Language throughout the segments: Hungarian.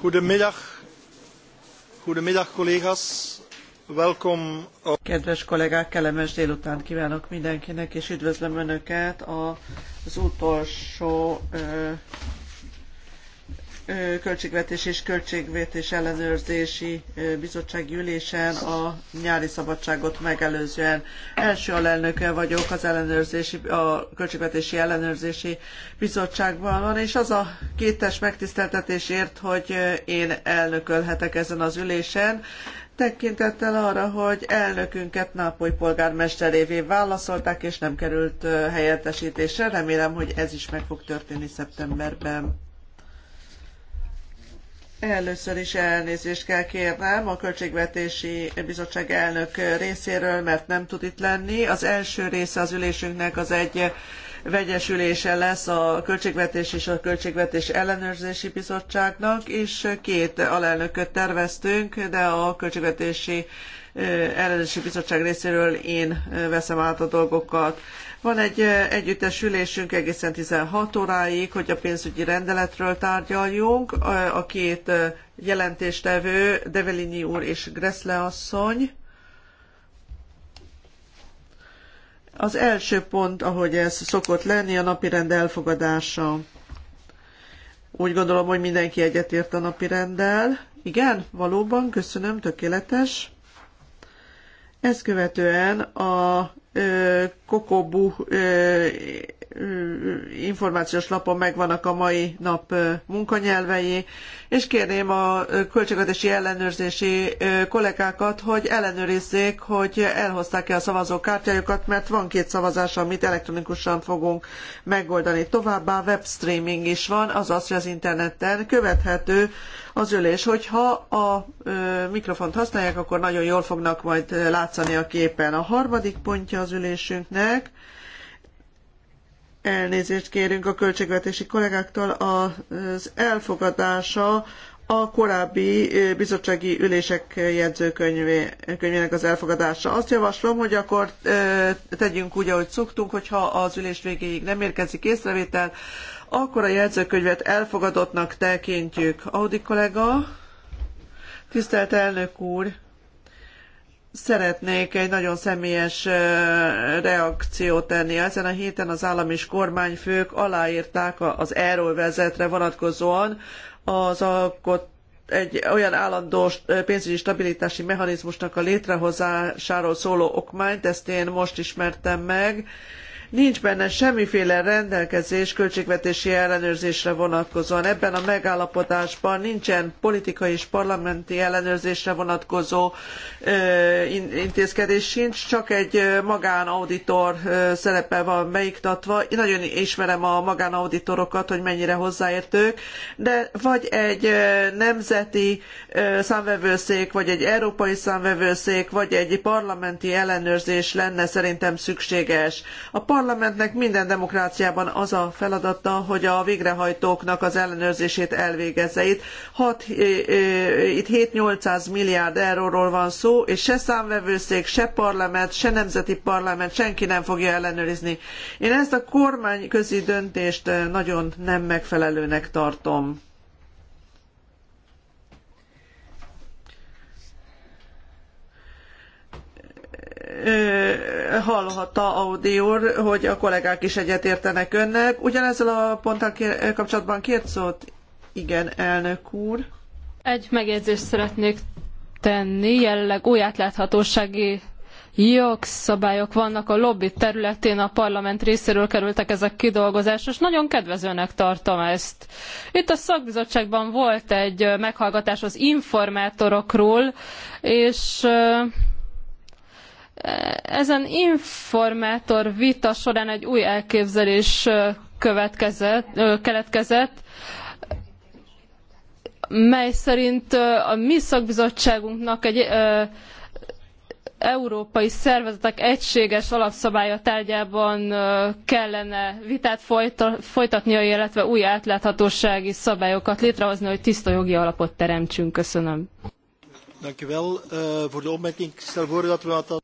Goedemiddag. Goedemiddag, collega's. Welkom. Kedves kollégák, kellemes délután kívánok mindenkinek, és üdvözlöm Önöket az utolsó Költségvetés és Költségvetés Ellenőrzési Bizottsági Ülésen a nyári szabadságot megelőzően. Első alelnöke vagyok az ellenőrzési, a Költségvetési Ellenőrzési Bizottságban van, és az a kétes megtiszteltetésért, hogy én elnökölhetek ezen az ülésen, tekintettel arra, hogy elnökünket Nápoly polgármesterévé válaszolták, és nem került helyettesítésre. Remélem, hogy ez is meg fog történni szeptemberben. Először is elnézést kell kérnem a Költségvetési Bizottság elnök részéről, mert nem tud itt lenni. Az első része az ülésünknek az egy vegyes ülése lesz a Költségvetés és a Költségvetés Ellenőrzési Bizottságnak, és két alelnököt terveztünk, de a Költségvetési Ellenőrzési Bizottság részéről én veszem át a dolgokat. Van egy együttes ülésünk egészen 16 óráig, hogy a pénzügyi rendeletről tárgyaljunk. A két jelentéstevő, Develini úr és Gressle asszony. Az első pont, ahogy ez szokott lenni, a napirend elfogadása. Úgy gondolom, hogy mindenki egyetért a napirenddel. Igen, valóban, köszönöm, tökéletes. Ezt követően a Kokobu információs lapon megvannak a mai nap munkanyelvei, és kérném a költségvetési ellenőrzési kollégákat, hogy ellenőrizzék, hogy elhozták-e a kártyájukat, mert van két szavazás, amit elektronikusan fogunk megoldani. Továbbá webstreaming is van, azaz, hogy az interneten követhető az ülés. Hogyha a mikrofont használják, akkor nagyon jól fognak majd látszani a képen. A harmadik pontja az ülésünknek, elnézést kérünk a költségvetési kollégáktól, az elfogadása a korábbi bizottsági ülések jegyzőkönyvének az elfogadása. Azt javaslom, hogy akkor tegyünk úgy, ahogy szoktunk, hogyha az ülés végéig nem érkezik észrevétel, akkor a jegyzőkönyvet elfogadottnak tekintjük. Audi kollega, tisztelt elnök úr, Szeretnék egy nagyon személyes reakciót tenni. Ezen a héten az állam és kormányfők aláírták az erről vezetre vonatkozóan az alkot egy olyan állandó pénzügyi stabilitási mechanizmusnak a létrehozásáról szóló okmányt, ezt én most ismertem meg, Nincs benne semmiféle rendelkezés költségvetési ellenőrzésre vonatkozóan. Ebben a megállapodásban nincsen politikai és parlamenti ellenőrzésre vonatkozó intézkedés sincs, csak egy magánauditor szerepe van beiktatva. Én nagyon ismerem a magánauditorokat, hogy mennyire hozzáértők, de vagy egy nemzeti számvevőszék, vagy egy európai számvevőszék, vagy egy parlamenti ellenőrzés lenne szerintem szükséges. A parlament parlamentnek minden demokráciában az a feladata, hogy a végrehajtóknak az ellenőrzését elvégezze. Itt, 6, itt 7-800 milliárd euróról van szó, és se számvevőszék, se parlament, se nemzeti parlament, senki nem fogja ellenőrizni. Én ezt a kormányközi döntést nagyon nem megfelelőnek tartom. hallhatta Audi úr, hogy a kollégák is egyetértenek önnek. Ugyanezzel a ponttal kapcsolatban két szót? Igen, elnök úr. Egy megjegyzést szeretnék tenni, jelenleg új átláthatósági jogszabályok vannak a lobby területén, a parlament részéről kerültek ezek kidolgozásra, és nagyon kedvezőnek tartom ezt. Itt a szakbizottságban volt egy meghallgatás az informátorokról, és ezen informátor vita során egy új elképzelés következett, keletkezett, mely szerint a mi szakbizottságunknak egy európai szervezetek egységes alapszabálya tárgyában kellene vitát folytatnia, illetve új átláthatósági szabályokat létrehozni, hogy tiszta jogi alapot teremtsünk. Köszönöm.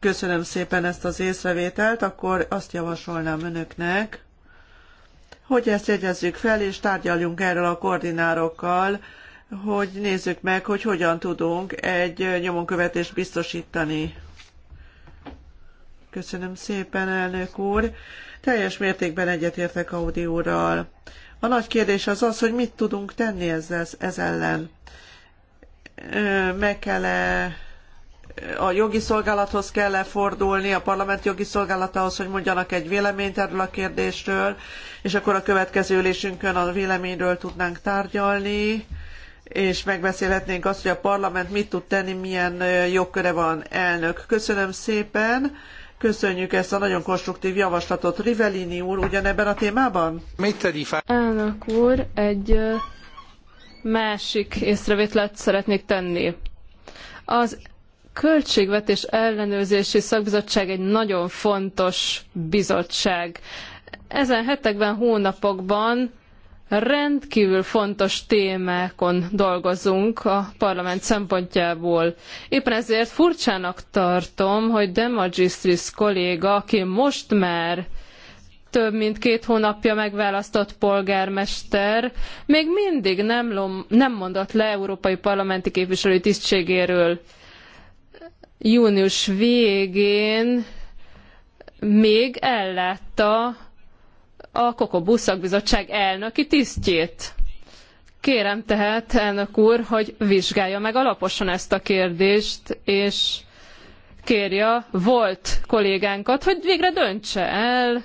Köszönöm szépen ezt az észrevételt, akkor azt javasolnám önöknek, hogy ezt jegyezzük fel, és tárgyaljunk erről a koordinárokkal, hogy nézzük meg, hogy hogyan tudunk egy nyomonkövetést biztosítani. Köszönöm szépen, elnök úr. Teljes mértékben egyetértek Audi úrral. A nagy kérdés az az, hogy mit tudunk tenni ezzel, ez ellen meg kell -e a jogi szolgálathoz kell -e fordulni, a parlament jogi szolgálatához, hogy mondjanak egy véleményt erről a kérdésről, és akkor a következő ülésünkön a véleményről tudnánk tárgyalni, és megbeszélhetnénk azt, hogy a parlament mit tud tenni, milyen jogköre van elnök. Köszönöm szépen, köszönjük ezt a nagyon konstruktív javaslatot. Rivellini úr ugyanebben a témában? Elnök úr, egy másik észrevételt szeretnék tenni. Az Költségvetés Ellenőrzési Szakbizottság egy nagyon fontos bizottság. Ezen hetekben, hónapokban rendkívül fontos témákon dolgozunk a parlament szempontjából. Éppen ezért furcsának tartom, hogy De Magistris kolléga, aki most már több mint két hónapja megválasztott polgármester még mindig nem, lom, nem mondott le európai parlamenti képviselői tisztségéről. Június végén még ellátta a Kokobu szakbizottság elnöki tisztjét. Kérem tehát, elnök úr, hogy vizsgálja meg alaposan ezt a kérdést, és kérje volt kollégánkat, hogy végre döntse el,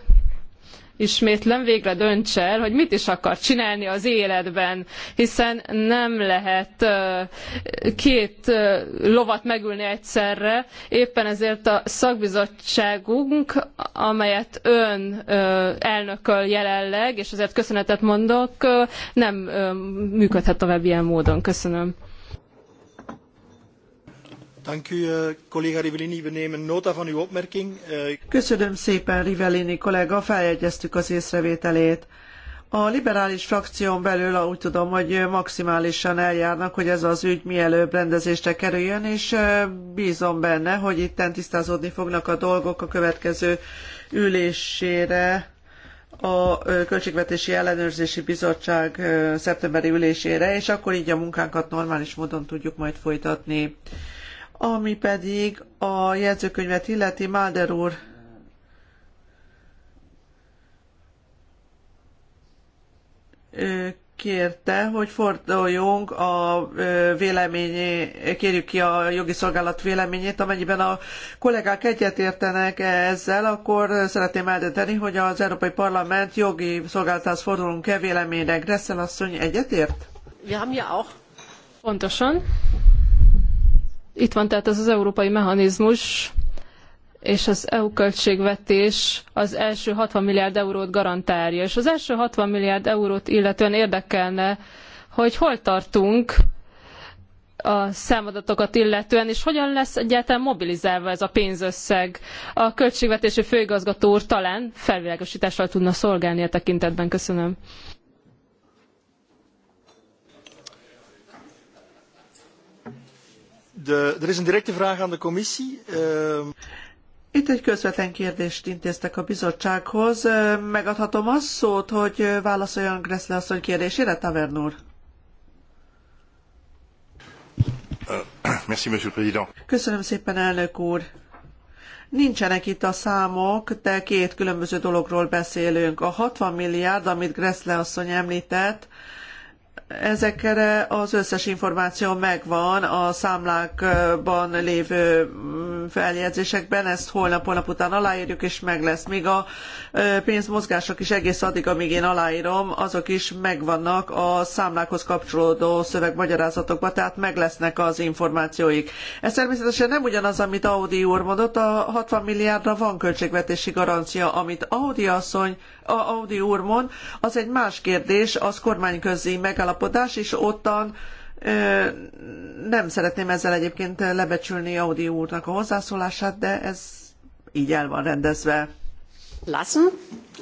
ismétlem, végre dönts el, hogy mit is akar csinálni az életben, hiszen nem lehet két lovat megülni egyszerre, éppen ezért a szakbizottságunk, amelyet ön elnököl jelenleg, és ezért köszönetet mondok, nem működhet tovább ilyen módon. Köszönöm. Eh, eh, Köszönöm szépen, Rivellini kollega, feljegyeztük az észrevételét. A liberális frakción belül úgy tudom, hogy maximálisan eljárnak, hogy ez az ügy mielőbb rendezésre kerüljön, és eh, bízom benne, hogy itten tisztázódni fognak a dolgok a következő ülésére a Költségvetési Ellenőrzési Bizottság szeptemberi ülésére, és akkor így a munkánkat normális módon tudjuk majd folytatni. Ami pedig a jegyzőkönyvet illeti, Mulder úr kérte, hogy forduljunk a véleményé, kérjük ki a jogi szolgálat véleményét, amennyiben a kollégák egyetértenek ezzel, akkor szeretném eldönteni, hogy az Európai Parlament jogi szolgálatához fordulunk-e véleményre. Gresszel asszony egyetért? Pontosan. Itt van tehát az az európai mechanizmus, és az EU költségvetés az első 60 milliárd eurót garantálja. És az első 60 milliárd eurót illetően érdekelne, hogy hol tartunk a számadatokat illetően, és hogyan lesz egyáltalán mobilizálva ez a pénzösszeg. A költségvetési főigazgató úr talán felvilágosítással tudna szolgálni a e tekintetben. Köszönöm. De, er is een directe vraag aan de commissie. Uh... Itt egy közvetlen kérdést intéztek a bizottsághoz. Megadhatom azt, szót, hogy válaszoljon Gressle asszony kérdésére, Tavern úr? Köszönöm szépen, elnök úr. Nincsenek itt a számok, de két különböző dologról beszélünk. A 60 milliárd, amit Gressle asszony említett, ezekre az összes információ megvan a számlákban lévő mm, feljegyzésekben, ezt holnap, holnap után aláírjuk, és meg lesz. Míg a pénzmozgások is egész addig, amíg én aláírom, azok is megvannak a számlákhoz kapcsolódó szövegmagyarázatokban, tehát meg lesznek az információik. Ez természetesen nem ugyanaz, amit Audi úr mondott, a 60 milliárdra van költségvetési garancia, amit Audi asszony Audi úr mond, az egy más kérdés, az kormányközi megállapodás, és ottan nem szeretném ezzel egyébként lebecsülni Audi úrnak a hozzászólását, de ez így el van rendezve. Lassen.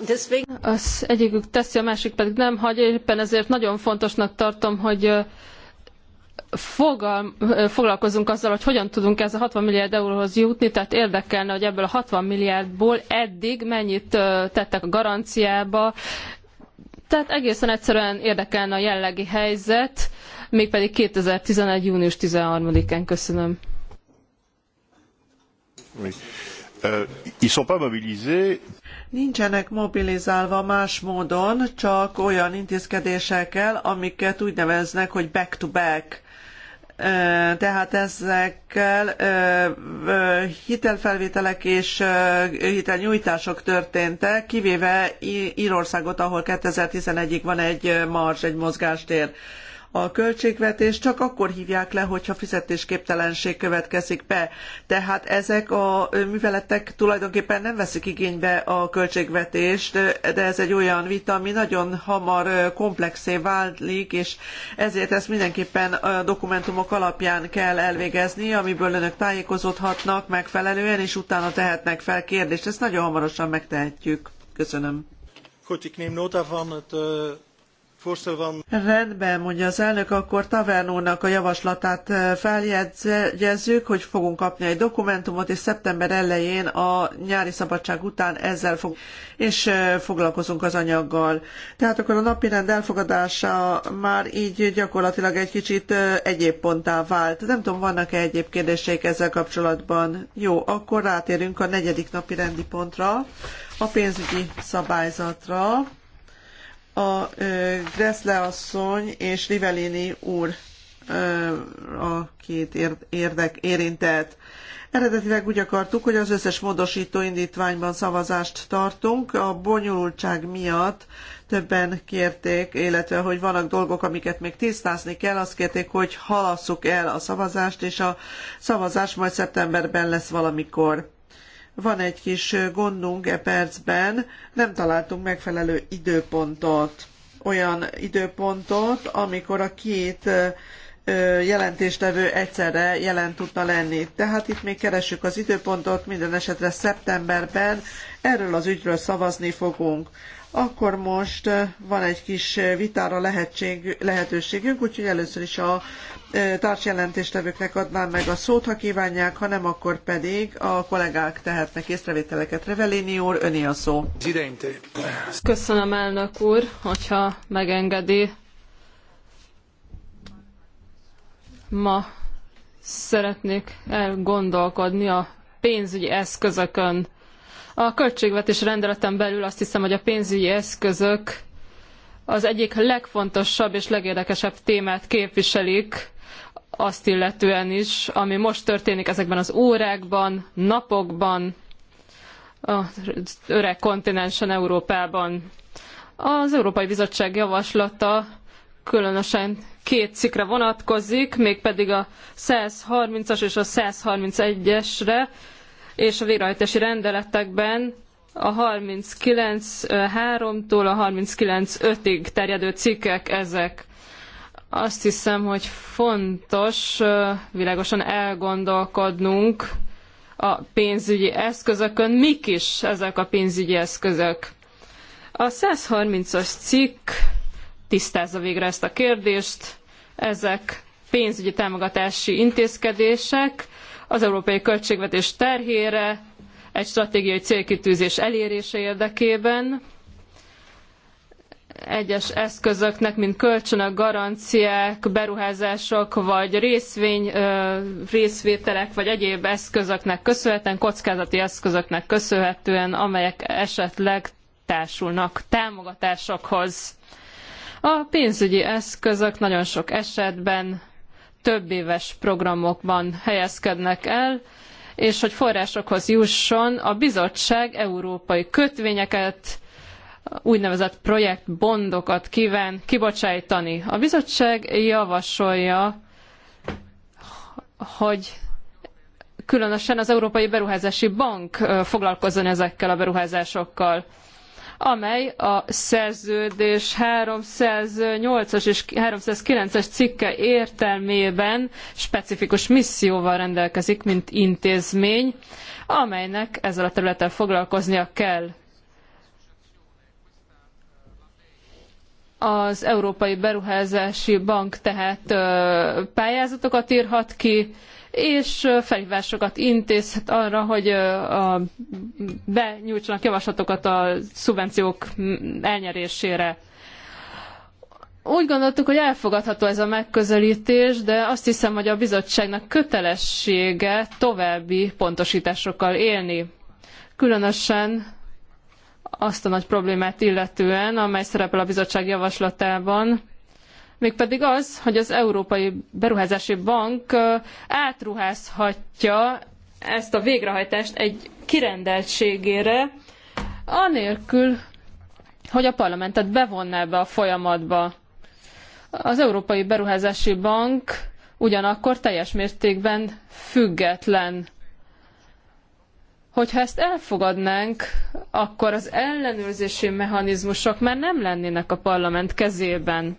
Deswegen... Az egyikük teszi, a másik pedig nem hagy, éppen ezért nagyon fontosnak tartom, hogy fogal, foglalkozunk azzal, hogy hogyan tudunk ez a 60 milliárd euróhoz jutni, tehát érdekelne, hogy ebből a 60 milliárdból eddig mennyit tettek a garanciába, tehát egészen egyszerűen érdekelne a jellegi helyzet, mégpedig 2011. június 13-án. Köszönöm. Euh, Nincsenek mobilizálva más módon, csak olyan intézkedésekkel, amiket úgy neveznek, hogy back-to-back. -back. Tehát ezekkel hitelfelvételek és hitelnyújtások történtek, kivéve Írországot, ahol 2011-ig van egy mars, egy mozgástér. A költségvetést csak akkor hívják le, hogyha fizetésképtelenség következik be. Tehát ezek a műveletek tulajdonképpen nem veszik igénybe a költségvetést, de ez egy olyan vita, ami nagyon hamar komplexé válik, és ezért ezt mindenképpen a dokumentumok alapján kell elvégezni, amiből önök tájékozódhatnak megfelelően, és utána tehetnek fel kérdést. Ezt nagyon hamarosan megtehetjük. Köszönöm. Goed, ik neem nota van het, uh, Rendben, mondja az elnök, akkor Tavernónak a javaslatát eh, feljegyezzük, hogy fogunk kapni egy dokumentumot, és szeptember elején a nyári szabadság után ezzel fog, és eh, foglalkozunk az anyaggal. Tehát akkor a napirend elfogadása már így gyakorlatilag egy kicsit eh, egyéb ponttá vált. Nem tudom, vannak-e egyéb kérdéseik ezzel kapcsolatban? Jó, akkor rátérünk a negyedik napirendi pontra, a pénzügyi szabályzatra a Gressle asszony és Rivellini úr a két érdek érintett. Eredetileg úgy akartuk, hogy az összes módosító indítványban szavazást tartunk. A bonyolultság miatt többen kérték, illetve hogy vannak dolgok, amiket még tisztázni kell, azt kérték, hogy halasszuk el a szavazást, és a szavazás majd szeptemberben lesz valamikor. Van egy kis gondunk e percben, nem találtunk megfelelő időpontot, olyan időpontot, amikor a két jelentéstevő egyszerre jelen tudna lenni. Tehát itt még keressük az időpontot, minden esetre szeptemberben erről az ügyről szavazni fogunk. Akkor most van egy kis vitára lehetség, lehetőségünk, úgyhogy először is a társjelentéstevőknek adnám meg a szót, ha kívánják, ha nem, akkor pedig a kollégák tehetnek észrevételeket. Revelini úr, öné a szó. Köszönöm elnök úr, hogyha megengedi, Ma szeretnék elgondolkodni a pénzügyi eszközökön. A költségvetés rendeleten belül azt hiszem, hogy a pénzügyi eszközök az egyik legfontosabb és legérdekesebb témát képviselik, azt illetően is, ami most történik ezekben az órákban, napokban, az öreg kontinensen Európában. Az Európai Bizottság javaslata különösen két cikre vonatkozik, mégpedig a 130-as és a 131-esre, és a végrehajtási rendeletekben a 39.3-tól a 39.5-ig terjedő cikkek ezek. Azt hiszem, hogy fontos világosan elgondolkodnunk a pénzügyi eszközökön. Mik is ezek a pénzügyi eszközök? A 130-as cikk tisztázza végre ezt a kérdést. Ezek pénzügyi támogatási intézkedések az európai költségvetés terhére, egy stratégiai célkitűzés elérése érdekében, egyes eszközöknek, mint kölcsönök, garanciák, beruházások, vagy részvény, részvételek, vagy egyéb eszközöknek köszönhetően, kockázati eszközöknek köszönhetően, amelyek esetleg társulnak támogatásokhoz. A pénzügyi eszközök nagyon sok esetben több éves programokban helyezkednek el, és hogy forrásokhoz jusson, a bizottság európai kötvényeket, úgynevezett projektbondokat kíván kibocsájtani. A bizottság javasolja, hogy különösen az Európai Beruházási Bank foglalkozzon ezekkel a beruházásokkal amely a szerződés 308-as és 309-es cikke értelmében specifikus misszióval rendelkezik, mint intézmény, amelynek ezzel a területtel foglalkoznia kell. az Európai Beruházási Bank tehát pályázatokat írhat ki, és felhívásokat intézhet arra, hogy benyújtsanak javaslatokat a szubvenciók elnyerésére. Úgy gondoltuk, hogy elfogadható ez a megközelítés, de azt hiszem, hogy a bizottságnak kötelessége további pontosításokkal élni. Különösen azt a nagy problémát illetően, amely szerepel a bizottság javaslatában, mégpedig az, hogy az Európai Beruházási Bank átruházhatja ezt a végrehajtást egy kirendeltségére, anélkül, hogy a parlamentet bevonná be a folyamatba. Az Európai Beruházási Bank ugyanakkor teljes mértékben független. Hogyha ezt elfogadnánk, akkor az ellenőrzési mechanizmusok már nem lennének a parlament kezében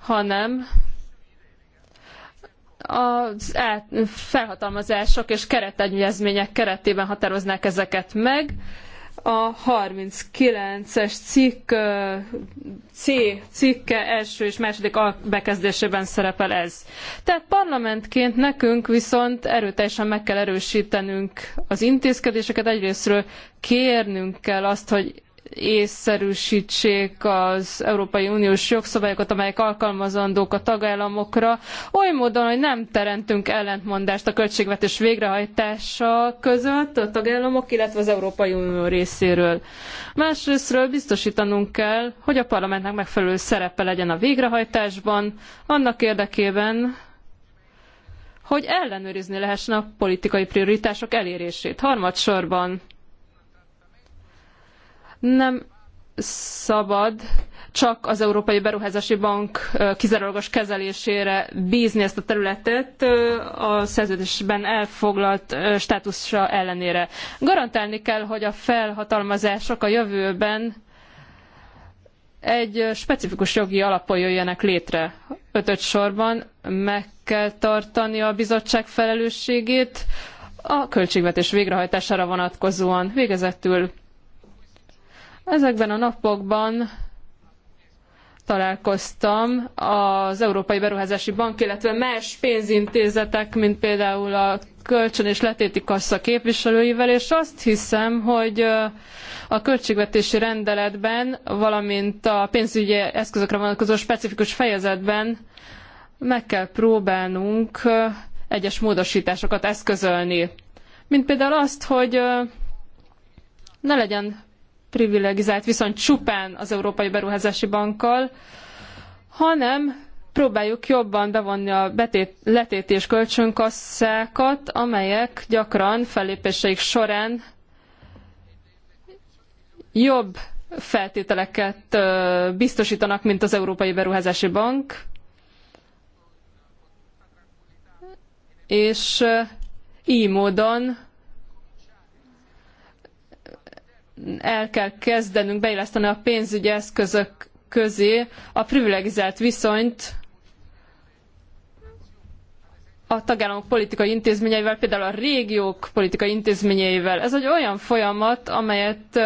hanem a felhatalmazások és keretegyezmények keretében határoznák ezeket meg. A 39-es cikk, C cikke első és második bekezdésében szerepel ez. Tehát parlamentként nekünk viszont erőteljesen meg kell erősítenünk az intézkedéseket, egyrésztről kérnünk kell azt, hogy észszerűsítsék az Európai Uniós jogszabályokat, amelyek alkalmazandók a tagállamokra, oly módon, hogy nem teremtünk ellentmondást a költségvetés végrehajtása között a tagállamok, illetve az Európai Unió részéről. Másrésztről biztosítanunk kell, hogy a parlamentnek megfelelő szerepe legyen a végrehajtásban, annak érdekében, hogy ellenőrizni lehessen a politikai prioritások elérését. Harmadsorban nem szabad csak az Európai Beruházási Bank kizárólagos kezelésére bízni ezt a területet a szerződésben elfoglalt státusra ellenére. Garantálni kell, hogy a felhatalmazások a jövőben egy specifikus jogi alapon jöjjenek létre. Ötöt sorban meg kell tartani a bizottság felelősségét a költségvetés végrehajtására vonatkozóan. Végezetül Ezekben a napokban találkoztam az Európai Beruházási Bank, illetve más pénzintézetek, mint például a kölcsön és letéti kassa képviselőivel, és azt hiszem, hogy a költségvetési rendeletben, valamint a pénzügyi eszközökre vonatkozó specifikus fejezetben meg kell próbálnunk egyes módosításokat eszközölni. Mint például azt, hogy ne legyen privilegizált viszont csupán az Európai Beruházási Bankkal, hanem próbáljuk jobban bevonni a betét, letéti és kölcsönkasszákat, amelyek gyakran fellépéseik során jobb feltételeket biztosítanak, mint az Európai Beruházási Bank, és így módon el kell kezdenünk beilleszteni a pénzügyi eszközök közé a privilegizált viszonyt a tagállamok politikai intézményeivel, például a régiók politikai intézményeivel. Ez egy olyan folyamat, amelyet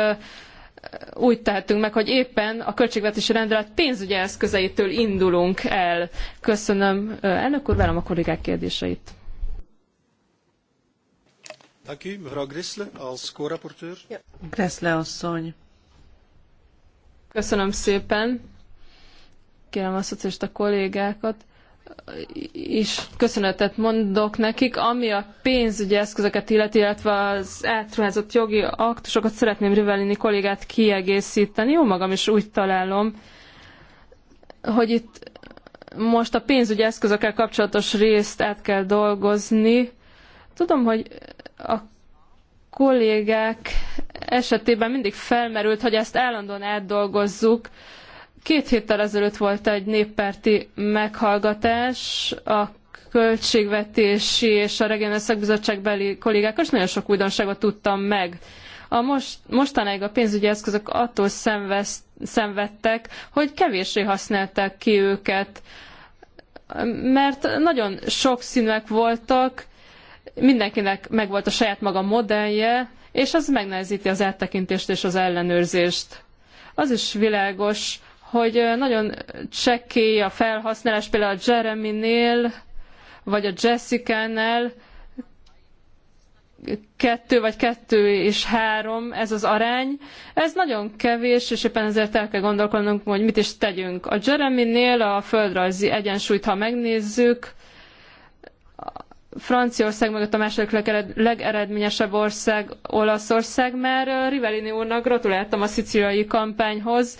úgy tehetünk meg, hogy éppen a költségvetési rendelet pénzügyi eszközeitől indulunk el. Köszönöm. Elnök úr, velem a kollégák kérdéseit. Dank u, mevrouw Grisle als co-rapporteur. Gressle asszony. Köszönöm szépen. Kérem a szocialista kollégákat is köszönetet mondok nekik, ami a pénzügyi eszközöket illeti, illetve az átruházott jogi aktusokat szeretném Rivellini kollégát kiegészíteni. Jó magam is úgy találom, hogy itt most a pénzügyi eszközökkel kapcsolatos részt át kell dolgozni. Tudom, hogy a kollégák esetében mindig felmerült, hogy ezt állandóan átdolgozzuk. Két héttel ezelőtt volt egy néppárti meghallgatás a költségvetési és a regionális beli kollégák, és nagyon sok újdonságot tudtam meg. A most, mostanáig a pénzügyi eszközök attól szenvez, szenvedtek, hogy kevéssé használták ki őket, mert nagyon sokszínűek voltak, mindenkinek megvolt a saját maga modellje, és az megnehezíti az áttekintést és az ellenőrzést. Az is világos, hogy nagyon csekély a felhasználás, például a Jeremy-nél, vagy a Jessica-nál, kettő vagy kettő és három ez az arány. Ez nagyon kevés, és éppen ezért el kell gondolkodnunk, hogy mit is tegyünk. A Jeremy-nél a földrajzi egyensúlyt, ha megnézzük, Franciaország mögött a második legeredményesebb ország Olaszország, mert Rivellini úrnak gratuláltam a szicíliai kampányhoz,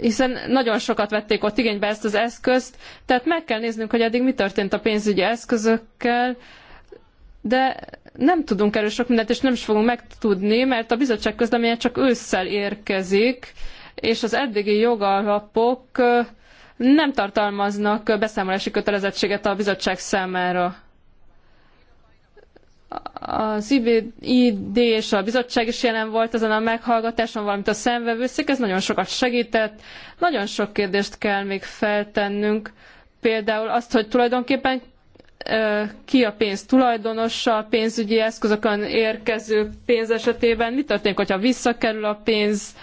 hiszen nagyon sokat vették ott igénybe ezt az eszközt, tehát meg kell néznünk, hogy eddig mi történt a pénzügyi eszközökkel, de nem tudunk erről sok mindent, és nem is fogunk megtudni, mert a bizottság közleménye csak ősszel érkezik, és az eddigi jogalapok nem tartalmaznak beszámolási kötelezettséget a bizottság számára. Az IBD és a bizottság is jelen volt ezen a meghallgatáson, valamint a szemvevőszék, ez nagyon sokat segített. Nagyon sok kérdést kell még feltennünk, például azt, hogy tulajdonképpen ki a pénz tulajdonosa, a pénzügyi eszközökön érkező pénz esetében, mi történik, hogyha visszakerül a pénz,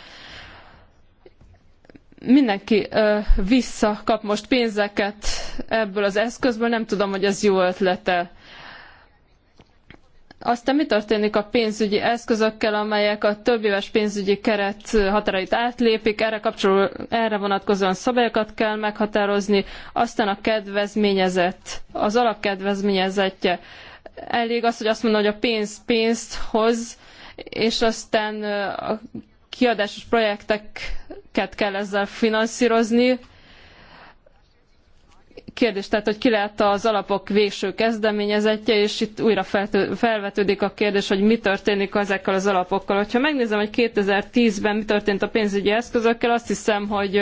mindenki ö, visszakap most pénzeket ebből az eszközből, nem tudom, hogy ez jó ötlete. Aztán mi történik a pénzügyi eszközökkel, amelyek a többéves pénzügyi keret határait átlépik, erre, kapcsoló, erre vonatkozóan szabályokat kell meghatározni, aztán a kedvezményezett, az alapkedvezményezettje. Elég az, hogy azt mondom, hogy a pénz pénzt hoz, és aztán a kiadásos projekteket kell ezzel finanszírozni. Kérdés tehát, hogy ki lehet az alapok végső kezdeményezetje, és itt újra felvetődik a kérdés, hogy mi történik ezekkel az alapokkal. Ha megnézem, hogy 2010-ben mi történt a pénzügyi eszközökkel, azt hiszem, hogy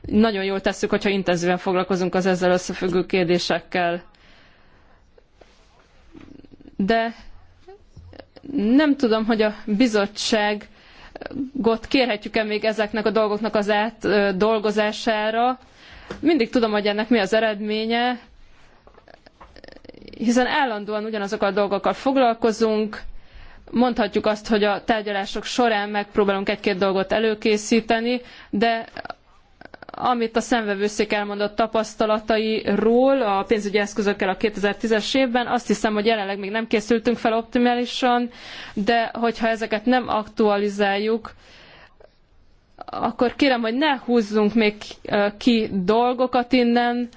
nagyon jól tesszük, hogyha intenzíven foglalkozunk az ezzel összefüggő kérdésekkel. De nem tudom, hogy a bizottság got kérhetjük-e még ezeknek a dolgoknak az átdolgozására. Mindig tudom, hogy ennek mi az eredménye, hiszen állandóan ugyanazokkal a dolgokkal foglalkozunk, mondhatjuk azt, hogy a tárgyalások során megpróbálunk egy-két dolgot előkészíteni, de amit a szemvevőszék elmondott tapasztalatairól a pénzügyi eszközökkel a 2010-es évben. Azt hiszem, hogy jelenleg még nem készültünk fel optimálisan, de hogyha ezeket nem aktualizáljuk, akkor kérem, hogy ne húzzunk még ki dolgokat innen,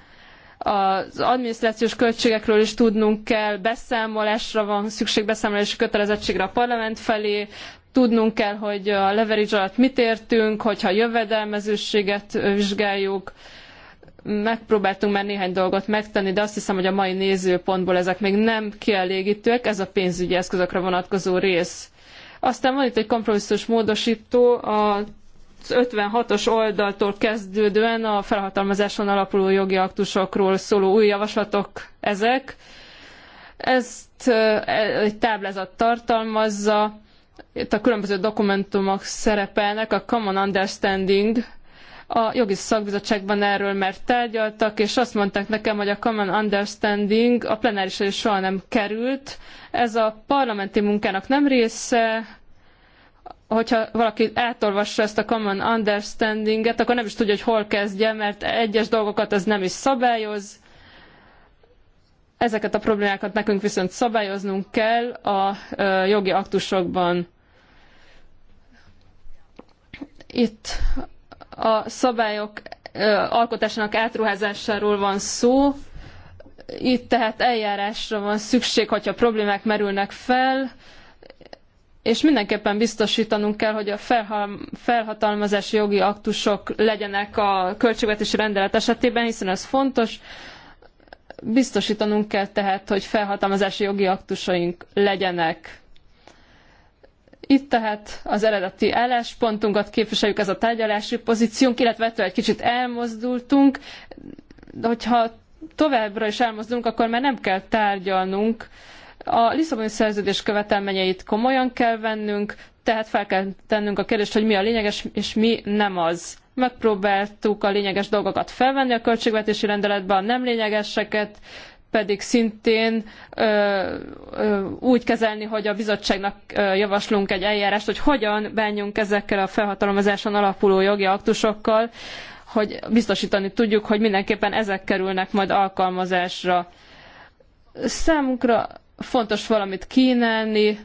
az adminisztrációs költségekről is tudnunk kell, beszámolásra van szükség, beszámolási kötelezettségre a parlament felé, Tudnunk kell, hogy a leverage alatt mit értünk, hogyha jövedelmezőséget vizsgáljuk, megpróbáltunk már néhány dolgot megtenni, de azt hiszem, hogy a mai nézőpontból ezek még nem kielégítőek, ez a pénzügyi eszközökre vonatkozó rész. Aztán van itt egy kompromisszus módosító, a 56-os oldaltól kezdődően a felhatalmazáson alapuló jogi aktusokról szóló új javaslatok ezek. Ezt eh, egy táblázat tartalmazza, itt a különböző dokumentumok szerepelnek, a Common Understanding, a jogi szakbizottságban erről már tárgyaltak, és azt mondták nekem, hogy a common understanding a plenárisra is soha nem került. Ez a parlamenti munkának nem része, hogyha valaki átolvassa ezt a common understandinget, akkor nem is tudja, hogy hol kezdje, mert egyes dolgokat ez nem is szabályoz, Ezeket a problémákat nekünk viszont szabályoznunk kell a jogi aktusokban. Itt a szabályok alkotásának átruházásáról van szó. Itt tehát eljárásra van szükség, hogyha problémák merülnek fel, és mindenképpen biztosítanunk kell, hogy a felhatalmazási jogi aktusok legyenek a költségvetési rendelet esetében, hiszen ez fontos. Biztosítanunk kell tehát, hogy felhatalmazási jogi aktusaink legyenek. Itt tehát az eredeti álláspontunkat képviseljük, ez a tárgyalási pozíciónk, illetve ettől egy kicsit elmozdultunk. Hogyha továbbra is elmozdulunk, akkor már nem kell tárgyalnunk, a Lisszaboni szerződés követelményeit komolyan kell vennünk, tehát fel kell tennünk a kérdést, hogy mi a lényeges és mi nem az. Megpróbáltuk a lényeges dolgokat felvenni a költségvetési rendeletbe, a nem lényegeseket, pedig szintén ö, ö, úgy kezelni, hogy a bizottságnak ö, javaslunk egy eljárást, hogy hogyan bánjunk ezekkel a felhatalmazáson alapuló jogi aktusokkal, hogy biztosítani tudjuk, hogy mindenképpen ezek kerülnek majd alkalmazásra. Számunkra fontos valamit kínálni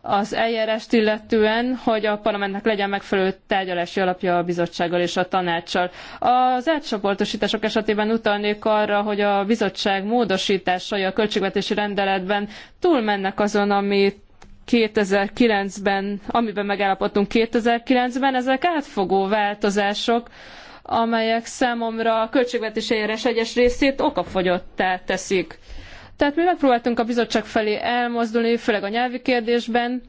az eljárást illetően, hogy a parlamentnek legyen megfelelő tárgyalási alapja a bizottsággal és a tanácssal. Az átcsoportosítások esetében utalnék arra, hogy a bizottság módosításai a költségvetési rendeletben túlmennek azon, amit 2009-ben, amiben megállapodtunk 2009-ben, ezek átfogó változások, amelyek számomra a költségvetési eljárás egyes részét okafogyottá teszik. Tehát mi megpróbáltunk a bizottság felé elmozdulni, főleg a nyelvi kérdésben,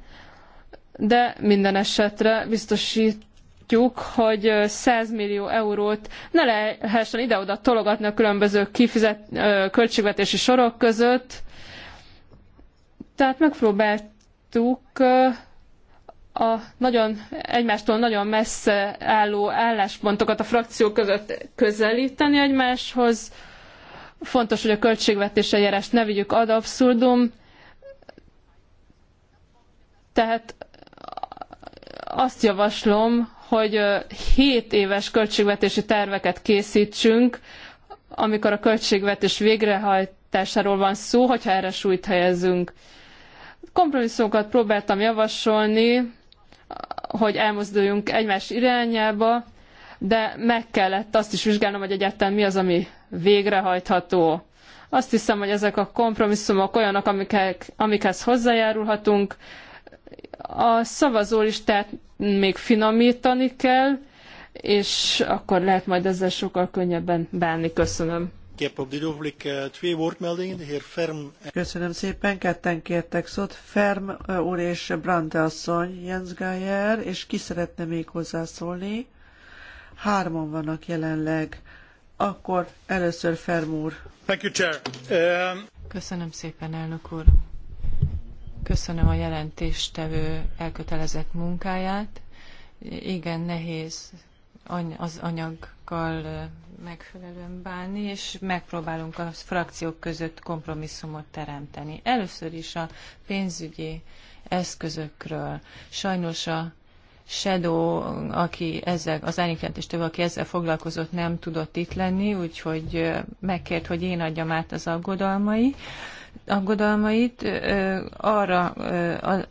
de minden esetre biztosítjuk, hogy 100 millió eurót ne lehessen ide-oda tologatni a különböző kifizet, költségvetési sorok között. Tehát megpróbáltuk a nagyon egymástól nagyon messze álló álláspontokat a frakciók között közelíteni egymáshoz, Fontos, hogy a költségvetés eljárást ne vigyük ad abszurdum. Tehát azt javaslom, hogy 7 éves költségvetési terveket készítsünk, amikor a költségvetés végrehajtásáról van szó, hogyha erre súlyt helyezünk. Kompromisszumokat próbáltam javasolni, hogy elmozduljunk egymás irányába, de meg kellett azt is vizsgálnom, hogy egyáltalán mi az, ami végrehajtható. Azt hiszem, hogy ezek a kompromisszumok olyanok, amikek, amikhez hozzájárulhatunk. A szavazólistát még finomítani kell, és akkor lehet majd ezzel sokkal könnyebben bánni. Köszönöm. Köszönöm szépen, ketten kértek szót. Ferm úr és Brande asszony, Jens Geyer, és ki szeretne még hozzászólni? Hárman vannak jelenleg. Akkor először Fermúr. Thank you, Chair. Um... Köszönöm szépen, elnök úr. Köszönöm a jelentéstevő elkötelezett munkáját. Igen, nehéz az anyaggal megfelelően bánni, és megpróbálunk a frakciók között kompromisszumot teremteni. Először is a pénzügyi eszközökről. Sajnos a Shadow, aki ezzel, az árnyékjelentéstől, aki ezzel foglalkozott, nem tudott itt lenni, úgyhogy megkért, hogy én adjam át az aggodalmai aggodalmait arra,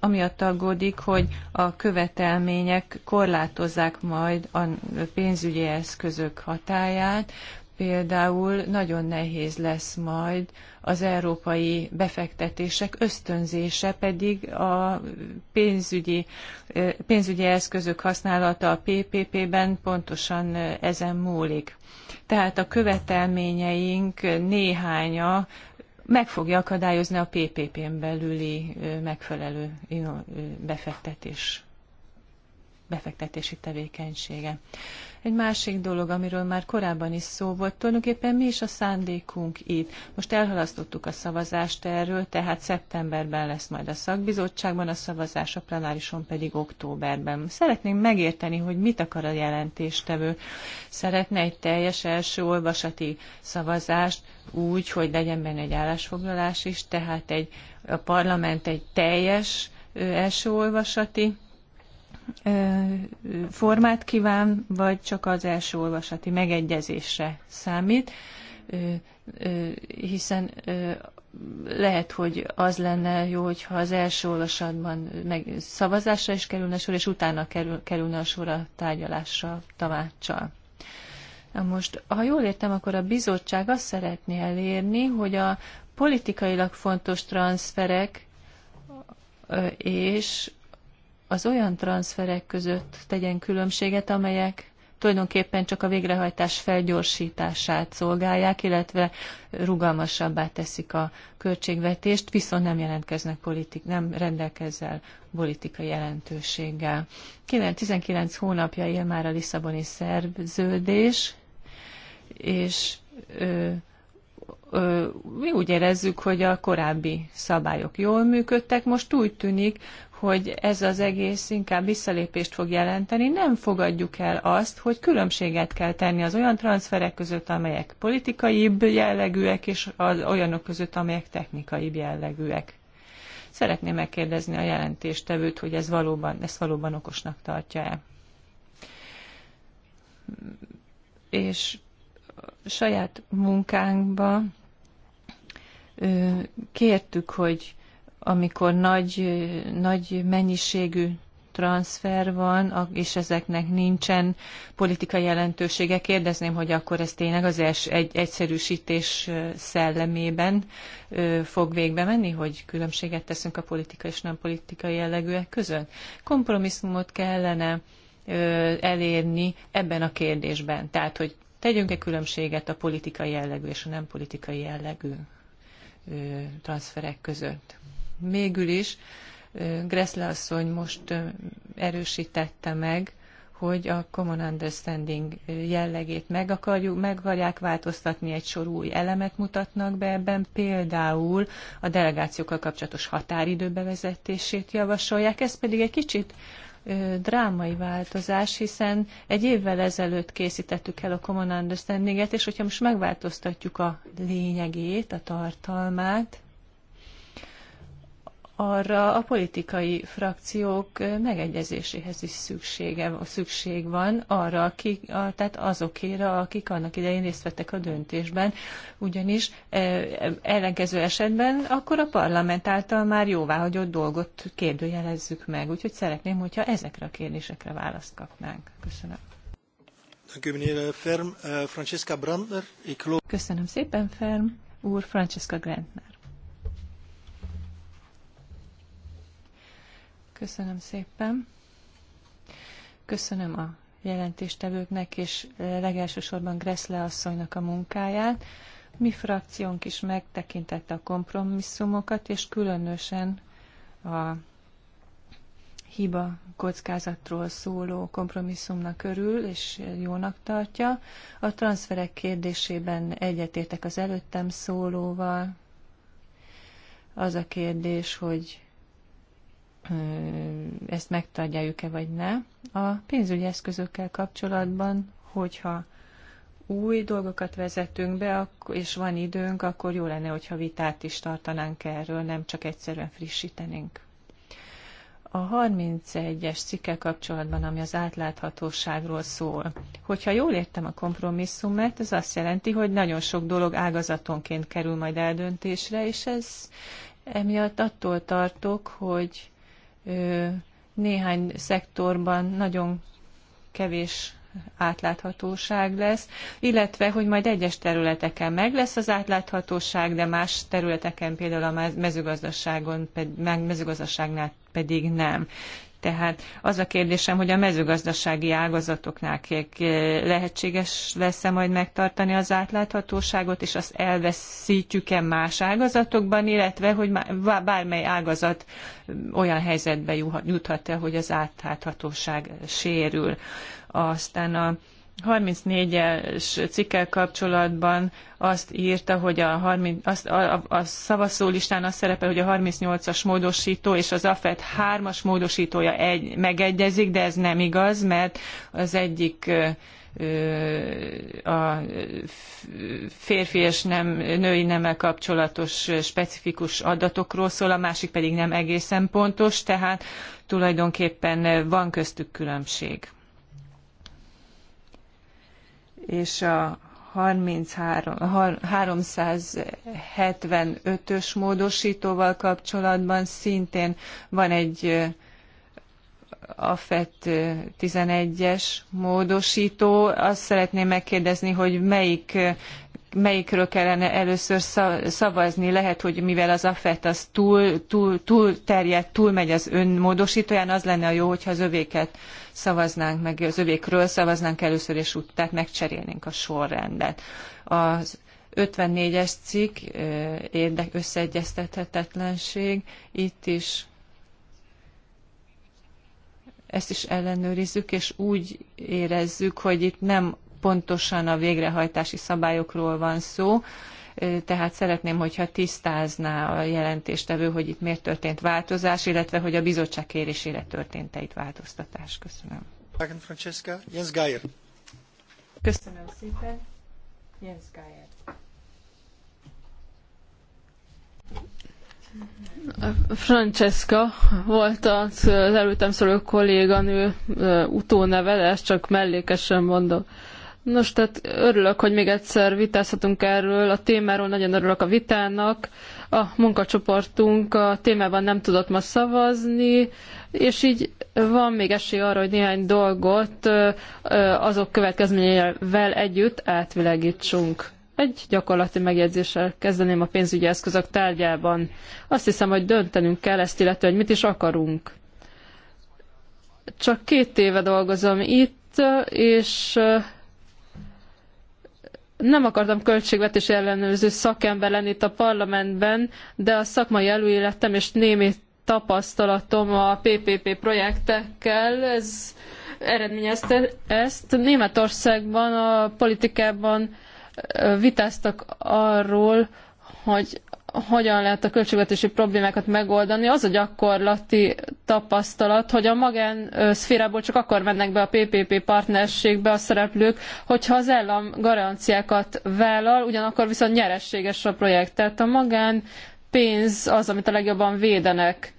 amiatt aggódik, hogy a követelmények korlátozzák majd a pénzügyi eszközök hatáját, például nagyon nehéz lesz majd az európai befektetések ösztönzése, pedig a pénzügyi, pénzügyi eszközök használata a PPP-ben pontosan ezen múlik. Tehát a követelményeink néhánya meg fogja akadályozni a PPP-n belüli megfelelő befektetés befektetési tevékenysége. Egy másik dolog, amiről már korábban is szó volt, tulajdonképpen mi is a szándékunk itt. Most elhalasztottuk a szavazást erről, tehát szeptemberben lesz majd a szakbizottságban a szavazás, a plenárison pedig októberben. Szeretném megérteni, hogy mit akar a jelentéstevő. Szeretne egy teljes első olvasati szavazást úgy, hogy legyen benne egy állásfoglalás is, tehát egy, a parlament egy teljes első olvasati formát kíván, vagy csak az első olvasati megegyezésre számít, hiszen lehet, hogy az lenne jó, hogyha az első olvasatban meg szavazásra is kerülne sor, és utána kerül, kerülne a sor a tárgyalásra, tanácssal. Na most, ha jól értem, akkor a bizottság azt szeretné elérni, hogy a politikailag fontos transferek és az olyan transferek között tegyen különbséget, amelyek tulajdonképpen csak a végrehajtás felgyorsítását szolgálják, illetve rugalmasabbá teszik a költségvetést, viszont nem jelentkeznek politik, nem rendelkezzel politikai jelentőséggel. 19 hónapja él már a Lisszaboni szerződés, és ö, ö, mi úgy érezzük, hogy a korábbi szabályok jól működtek, most úgy tűnik, hogy ez az egész inkább visszalépést fog jelenteni. Nem fogadjuk el azt, hogy különbséget kell tenni az olyan transferek között, amelyek politikaibb jellegűek, és az olyanok között, amelyek technikaibb jellegűek. Szeretném megkérdezni a jelentéstevőt, hogy ez valóban, ezt valóban okosnak tartja-e. És saját munkánkba kértük, hogy amikor nagy, nagy mennyiségű transfer van, és ezeknek nincsen politikai jelentősége. Kérdezném, hogy akkor ez tényleg az egy, egyszerűsítés szellemében ö, fog végbe menni, hogy különbséget teszünk a politikai és nem politikai jellegűek között? Kompromisszumot kellene ö, elérni ebben a kérdésben. Tehát, hogy tegyünk-e különbséget a politikai jellegű és a nem politikai jellegű ö, transferek között? Mégül is Gressle asszony most erősítette meg, hogy a common understanding jellegét meg, akarjuk, meg akarják változtatni, egy sor új elemet mutatnak be ebben, például a delegációkkal kapcsolatos határidő bevezetését javasolják, ez pedig egy kicsit drámai változás, hiszen egy évvel ezelőtt készítettük el a Common Understanding-et, és hogyha most megváltoztatjuk a lényegét, a tartalmát, arra a politikai frakciók megegyezéséhez is szüksége, szükség van, arra, akik, a, tehát azokéra, akik annak idején részt vettek a döntésben, ugyanis e, ellenkező esetben akkor a parlament által már jóváhagyott dolgot kérdőjelezzük meg. Úgyhogy szeretném, hogyha ezekre a kérdésekre választ kapnánk. Köszönöm. Uh, Köszönöm szépen, Ferm úr, Francesca Grantner. Köszönöm szépen. Köszönöm a jelentéstevőknek és legelsősorban Gressle asszonynak a munkáját. Mi frakciónk is megtekintette a kompromisszumokat, és különösen a hiba kockázatról szóló kompromisszumnak örül, és jónak tartja. A transferek kérdésében egyetértek az előttem szólóval. Az a kérdés, hogy ezt megtárgyaljuk-e vagy ne. A pénzügyi eszközökkel kapcsolatban, hogyha új dolgokat vezetünk be, és van időnk, akkor jó lenne, hogyha vitát is tartanánk erről, nem csak egyszerűen frissítenénk. A 31-es cikke kapcsolatban, ami az átláthatóságról szól. Hogyha jól értem a kompromisszumát, ez azt jelenti, hogy nagyon sok dolog ágazatonként kerül majd eldöntésre, és ez emiatt attól tartok, hogy néhány szektorban nagyon kevés átláthatóság lesz, illetve hogy majd egyes területeken meg lesz az átláthatóság, de más területeken, például a mezőgazdaságon, mezőgazdaságnál pedig nem. Tehát az a kérdésem, hogy a mezőgazdasági ágazatoknál lehetséges lesz-e majd megtartani az átláthatóságot, és azt elveszítjük-e más ágazatokban, illetve hogy bármely ágazat olyan helyzetbe juthat-e, hogy az átláthatóság sérül. Aztán a 34-es cikkel kapcsolatban azt írta, hogy a, 30, azt, a, a szavaszólistán az szerepel, hogy a 38-as módosító és az AFET 3-as módosítója egy, megegyezik, de ez nem igaz, mert az egyik a férfi és nem, női nemmel kapcsolatos specifikus adatokról szól, a másik pedig nem egészen pontos, tehát tulajdonképpen van köztük különbség és a 33, 375-ös módosítóval kapcsolatban szintén van egy AFET 11-es módosító. Azt szeretném megkérdezni, hogy melyik melyikről kellene először szavazni. Lehet, hogy mivel az AFET az túl, túl, túl terjed, túl megy az önmódosítóján, az lenne a jó, hogyha az övéket szavaznánk meg, az övékről szavaznánk először, és úgy, tehát megcserélnénk a sorrendet. Az 54-es cikk, érdek összeegyeztethetetlenség, itt is ezt is ellenőrizzük, és úgy érezzük, hogy itt nem pontosan a végrehajtási szabályokról van szó, tehát szeretném, hogyha tisztázná a jelentéstevő, hogy itt miért történt változás, illetve hogy a bizottság kérésére történt-e itt változtatás. Köszönöm. Francesca, Jens Geier. Köszönöm szépen. Jens Geier. Francesca volt az előttem szóló kolléganő utóneve, de ezt csak mellékesen mondom. Nos, tehát örülök, hogy még egyszer vitázhatunk erről a témáról, nagyon örülök a vitának. A munkacsoportunk a témában nem tudott ma szavazni, és így van még esély arra, hogy néhány dolgot azok következményeivel együtt átvilágítsunk. Egy gyakorlati megjegyzéssel kezdeném a pénzügyi eszközök tárgyában. Azt hiszem, hogy döntenünk kell ezt illetően, hogy mit is akarunk. Csak két éve dolgozom itt, és nem akartam költségvetés ellenőrző szakember lenni itt a parlamentben, de a szakmai előéletem és némi tapasztalatom a PPP projektekkel, ez eredményezte ezt. Németországban a politikában vitáztak arról, hogy hogyan lehet a költségvetési problémákat megoldani, az a gyakorlati tapasztalat, hogy a magán szférából csak akkor mennek be a PPP partnerségbe a szereplők, hogyha az állam garanciákat vállal, ugyanakkor viszont nyereséges a projekt. Tehát a magán pénz az, amit a legjobban védenek.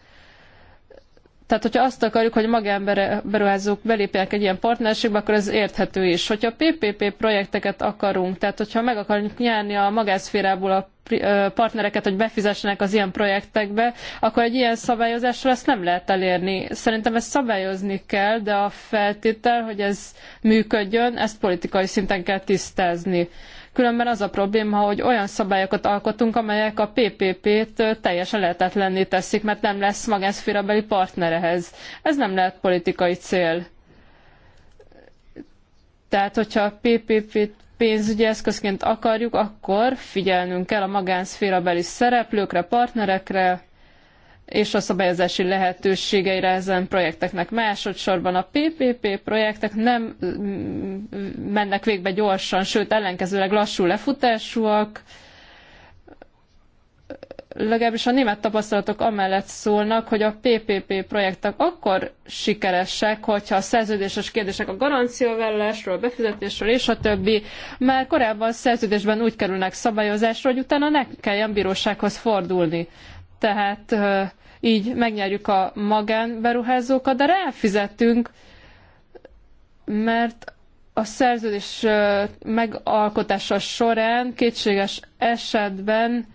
Tehát, hogyha azt akarjuk, hogy magánberuházók belépjenek egy ilyen partnerségbe, akkor ez érthető is. Hogyha PPP projekteket akarunk, tehát hogyha meg akarjuk nyerni a magánszférából a partnereket, hogy befizessenek az ilyen projektekbe, akkor egy ilyen szabályozással ezt nem lehet elérni. Szerintem ezt szabályozni kell, de a feltétel, hogy ez működjön, ezt politikai szinten kell tisztázni. Különben az a probléma, hogy olyan szabályokat alkotunk, amelyek a PPP-t teljesen lehetetlenné teszik, mert nem lesz magánszférabeli partnerehez. Ez nem lehet politikai cél. Tehát, hogyha a PPP-t pénzügyi eszközként akarjuk, akkor figyelnünk kell a magánszférabeli szereplőkre, partnerekre, és a szabályozási lehetőségeire ezen projekteknek. Másodszorban a PPP projektek nem mm, mennek végbe gyorsan, sőt ellenkezőleg lassú lefutásúak, legalábbis a német tapasztalatok amellett szólnak, hogy a PPP projektek akkor sikeresek, hogyha a szerződéses kérdések a garanciavállalásról, a befizetésről és a többi már korábban a szerződésben úgy kerülnek szabályozásra, hogy utána ne kelljen bírósághoz fordulni tehát így megnyerjük a magánberuházókat, de ráfizetünk, mert a szerződés megalkotása során kétséges esetben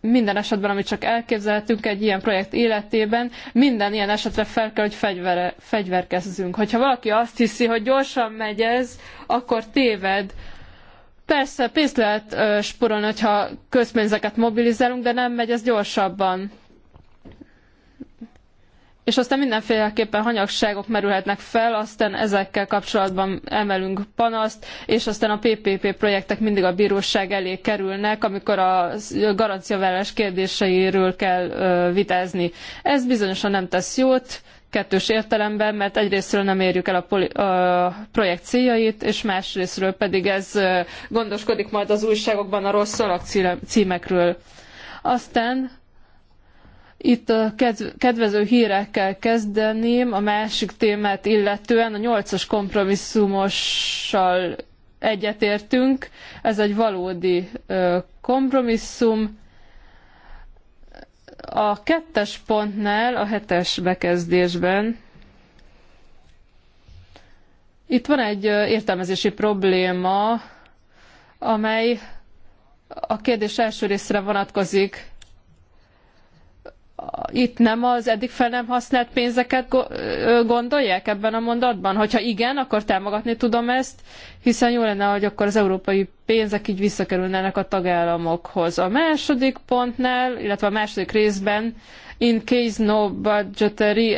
minden esetben, amit csak elképzelhetünk egy ilyen projekt életében, minden ilyen esetre fel kell, hogy fegyvere, fegyverkezzünk. Hogyha valaki azt hiszi, hogy gyorsan megy ez, akkor téved. Persze, pénzt lehet ö, sporolni, hogyha közpénzeket mobilizálunk, de nem megy ez gyorsabban. És aztán mindenféleképpen hanyagságok merülhetnek fel, aztán ezekkel kapcsolatban emelünk panaszt, és aztán a PPP projektek mindig a bíróság elé kerülnek, amikor a garanciavállalás kérdéseiről kell ö, vitázni. Ez bizonyosan nem tesz jót. Ö, kettős értelemben, mert egyrésztről nem érjük el a, poli, a projekt céljait, és másrésztről pedig ez gondoskodik majd az újságokban a rossz szalag címekről. Aztán itt a kedvező hírekkel kezdeném, a másik témát illetően a nyolcas kompromisszumossal egyetértünk. Ez egy valódi kompromisszum, a kettes pontnál, a hetes bekezdésben itt van egy értelmezési probléma, amely a kérdés első részre vonatkozik itt nem az eddig fel nem használt pénzeket gondolják ebben a mondatban? Hogyha igen, akkor támogatni tudom ezt, hiszen jó lenne, hogy akkor az európai pénzek így visszakerülnének a tagállamokhoz. A második pontnál, illetve a második részben, in case no budgetary,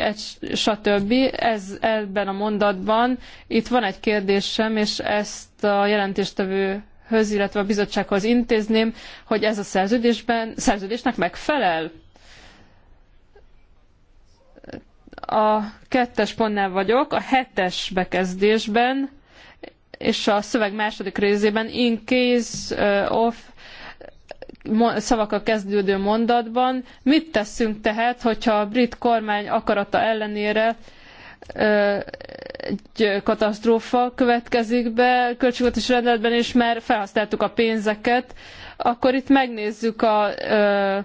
stb. Ez ebben a mondatban, itt van egy kérdésem, és ezt a jelentéstevőhöz, illetve a bizottsághoz intézném, hogy ez a szerződésben, szerződésnek megfelel a kettes pontnál vagyok, a hetes bekezdésben, és a szöveg második részében, in case uh, of szavakkal kezdődő mondatban. Mit teszünk tehát, hogyha a brit kormány akarata ellenére uh, egy katasztrófa következik be költségvetési rendeletben, és már felhasználtuk a pénzeket, akkor itt megnézzük a ö,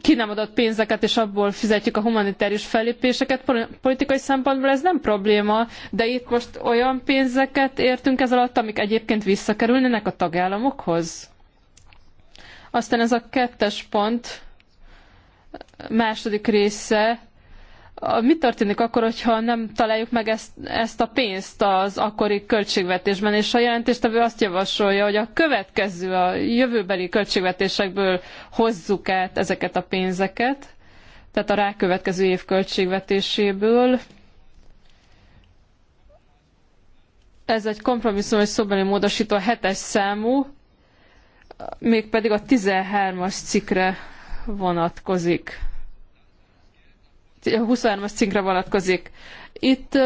ki nem adott pénzeket, és abból fizetjük a humanitárius fellépéseket. Politikai szempontból ez nem probléma, de itt most olyan pénzeket értünk ez alatt, amik egyébként visszakerülnének a tagállamokhoz. Aztán ez a kettes pont második része mi történik akkor, hogyha nem találjuk meg ezt, ezt a pénzt az akkori költségvetésben, és a jelentéstevő azt javasolja, hogy a következő, a jövőbeli költségvetésekből hozzuk át ezeket a pénzeket, tehát a rákövetkező év költségvetéséből. Ez egy kompromisszum, és szobeli módosító a hetes számú, mégpedig a 13-as cikre vonatkozik. 23-as cikkre vonatkozik. Itt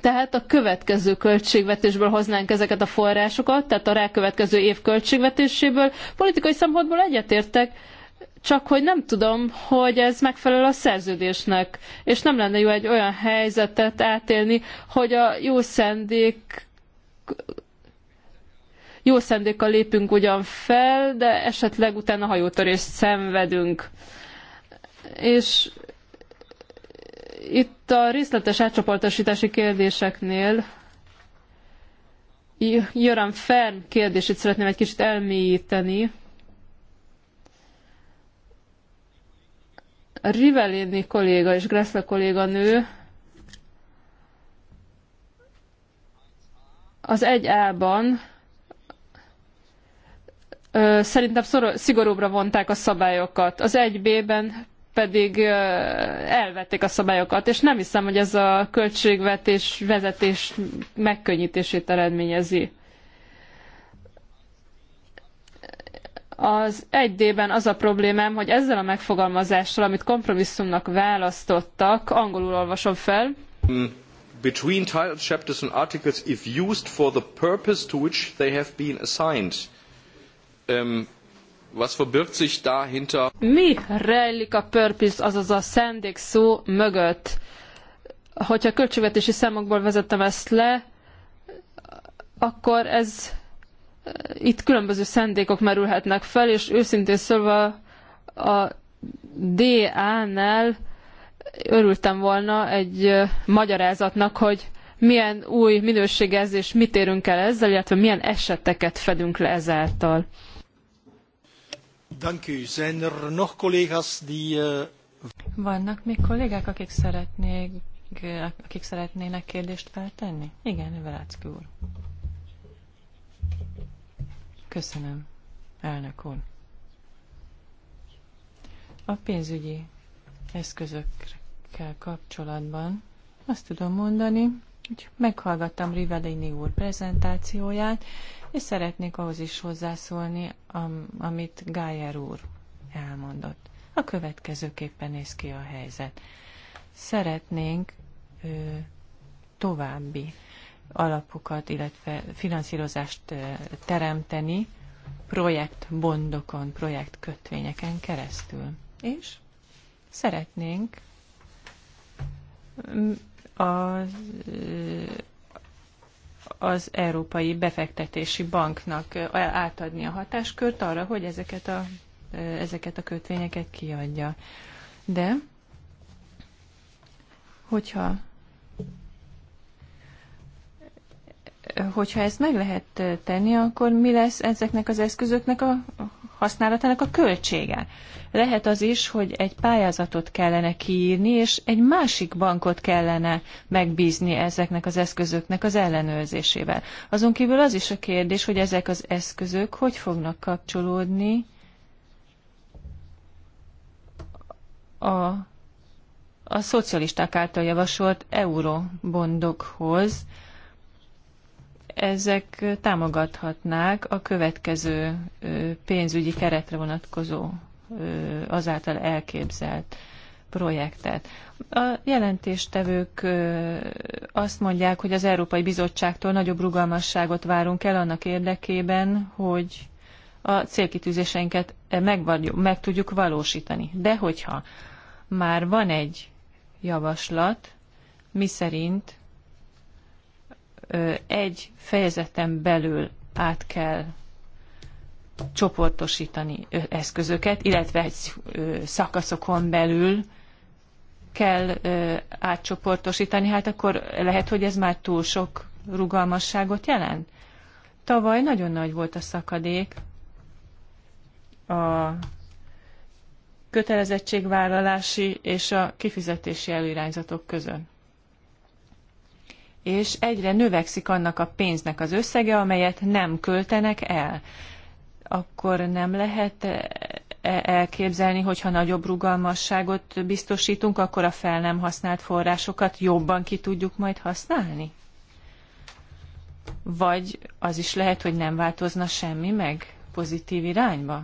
tehát a következő költségvetésből hoznánk ezeket a forrásokat, tehát a rákövetkező év költségvetéséből. Politikai szempontból egyetértek, csak hogy nem tudom, hogy ez megfelel a szerződésnek, és nem lenne jó egy olyan helyzetet átélni, hogy a jó szendék jó szendékkal lépünk ugyan fel, de esetleg utána hajótörést szenvedünk. És itt a részletes átcsoportosítási kérdéseknél Jöran Fern kérdését szeretném egy kicsit elmélyíteni. Rivelini kolléga és Gressle kolléga nő az 1A-ban szerintem szigorúbbra vonták a szabályokat. Az 1B-ben pedig elvették a szabályokat, és nem hiszem, hogy ez a költségvetés vezetés megkönnyítését eredményezi. Az 1D-ben az a problémám, hogy ezzel a megfogalmazással, amit kompromisszumnak választottak, angolul olvasom fel. Mm, between title chapters and articles if used for the purpose to which they have been assigned. Um, Was verbirgt sich dahinter? Mi rejlik a purpose, azaz a szándék szó mögött? Hogyha költségvetési számokból vezettem ezt le, akkor ez eh, itt különböző szándékok merülhetnek fel, és őszintén szólva a DA-nál örültem volna egy eh, magyarázatnak, hogy milyen új minőség ez, és mit érünk el ezzel, illetve milyen eseteket fedünk le ezáltal. Dank u. Zijn er nog collega's die... Eh, Vannak még kollégák, akik szeretnék eh, akik szeretnének kérdést feltenni? Igen, Verácki úr. Köszönöm, elnök úr. A pénzügyi eszközökkel kapcsolatban azt tudom mondani, Úgyhogy meghallgattam Rivellini úr prezentációját, és szeretnék ahhoz is hozzászólni, amit Gájer úr elmondott. A következőképpen néz ki a helyzet. Szeretnénk ö, további alapokat, illetve finanszírozást teremteni projektbondokon, projektkötvényeken keresztül. És szeretnénk az, az Európai Befektetési Banknak átadni a hatáskört arra, hogy ezeket a, ezeket a kötvényeket kiadja. De, hogyha hogyha ezt meg lehet tenni, akkor mi lesz ezeknek az eszközöknek a használatának a költsége. Lehet az is, hogy egy pályázatot kellene kiírni, és egy másik bankot kellene megbízni ezeknek az eszközöknek az ellenőrzésével. Azon kívül az is a kérdés, hogy ezek az eszközök hogy fognak kapcsolódni a a szocialisták által javasolt eurobondokhoz, ezek támogathatnák a következő pénzügyi keretre vonatkozó azáltal elképzelt projektet. A jelentéstevők azt mondják, hogy az Európai Bizottságtól nagyobb rugalmasságot várunk el annak érdekében, hogy a célkitűzéseinket e, meg, meg tudjuk valósítani. De hogyha már van egy javaslat, mi szerint? egy fejezeten belül át kell csoportosítani eszközöket, illetve egy szakaszokon belül kell átcsoportosítani, hát akkor lehet, hogy ez már túl sok rugalmasságot jelent. Tavaly nagyon nagy volt a szakadék a kötelezettségvállalási és a kifizetési előirányzatok között és egyre növekszik annak a pénznek az összege, amelyet nem költenek el. Akkor nem lehet e- e- elképzelni, hogyha nagyobb rugalmasságot biztosítunk, akkor a fel nem használt forrásokat jobban ki tudjuk majd használni? Vagy az is lehet, hogy nem változna semmi meg pozitív irányba?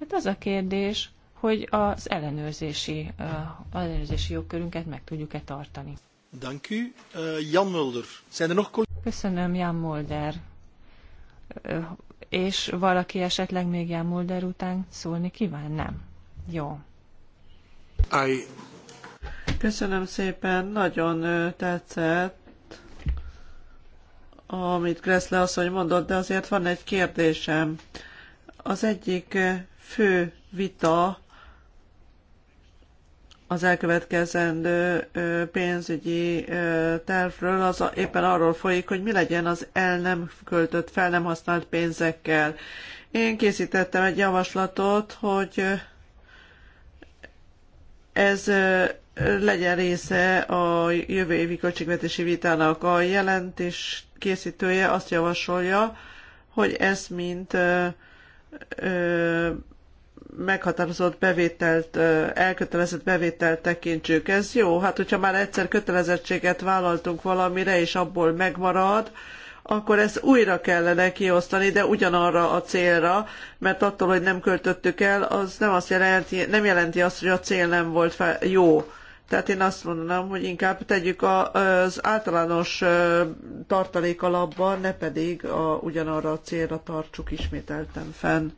Hát az a kérdés, hogy az ellenőrzési, az ellenőrzési jogkörünket meg tudjuk-e tartani. Dank u. Eh, Jan Mulder. Zijn er nog Köszönöm, Jan Mulder. És valaki esetleg még Jan Mulder után szólni kíván? Nem. Jó. I... Köszönöm szépen, nagyon tetszett amit Gressle asszony mondott, de azért van egy kérdésem. Az egyik fő vita az elkövetkezendő pénzügyi tervről az éppen arról folyik, hogy mi legyen az el nem költött, fel nem használt pénzekkel. Én készítettem egy javaslatot, hogy ez legyen része a jövő évi költségvetési vitának. A jelentés készítője azt javasolja, hogy ezt mint meghatározott bevételt, elkötelezett bevételt tekintsük. Ez jó, hát hogyha már egyszer kötelezettséget vállaltunk valamire, és abból megmarad, akkor ezt újra kellene kiosztani, de ugyanarra a célra, mert attól, hogy nem költöttük el, az nem, azt jelenti, nem jelenti azt, hogy a cél nem volt fel, jó. Tehát én azt mondanám, hogy inkább tegyük az általános tartalék alapba, ne pedig a, ugyanarra a célra tartsuk ismételten fenn.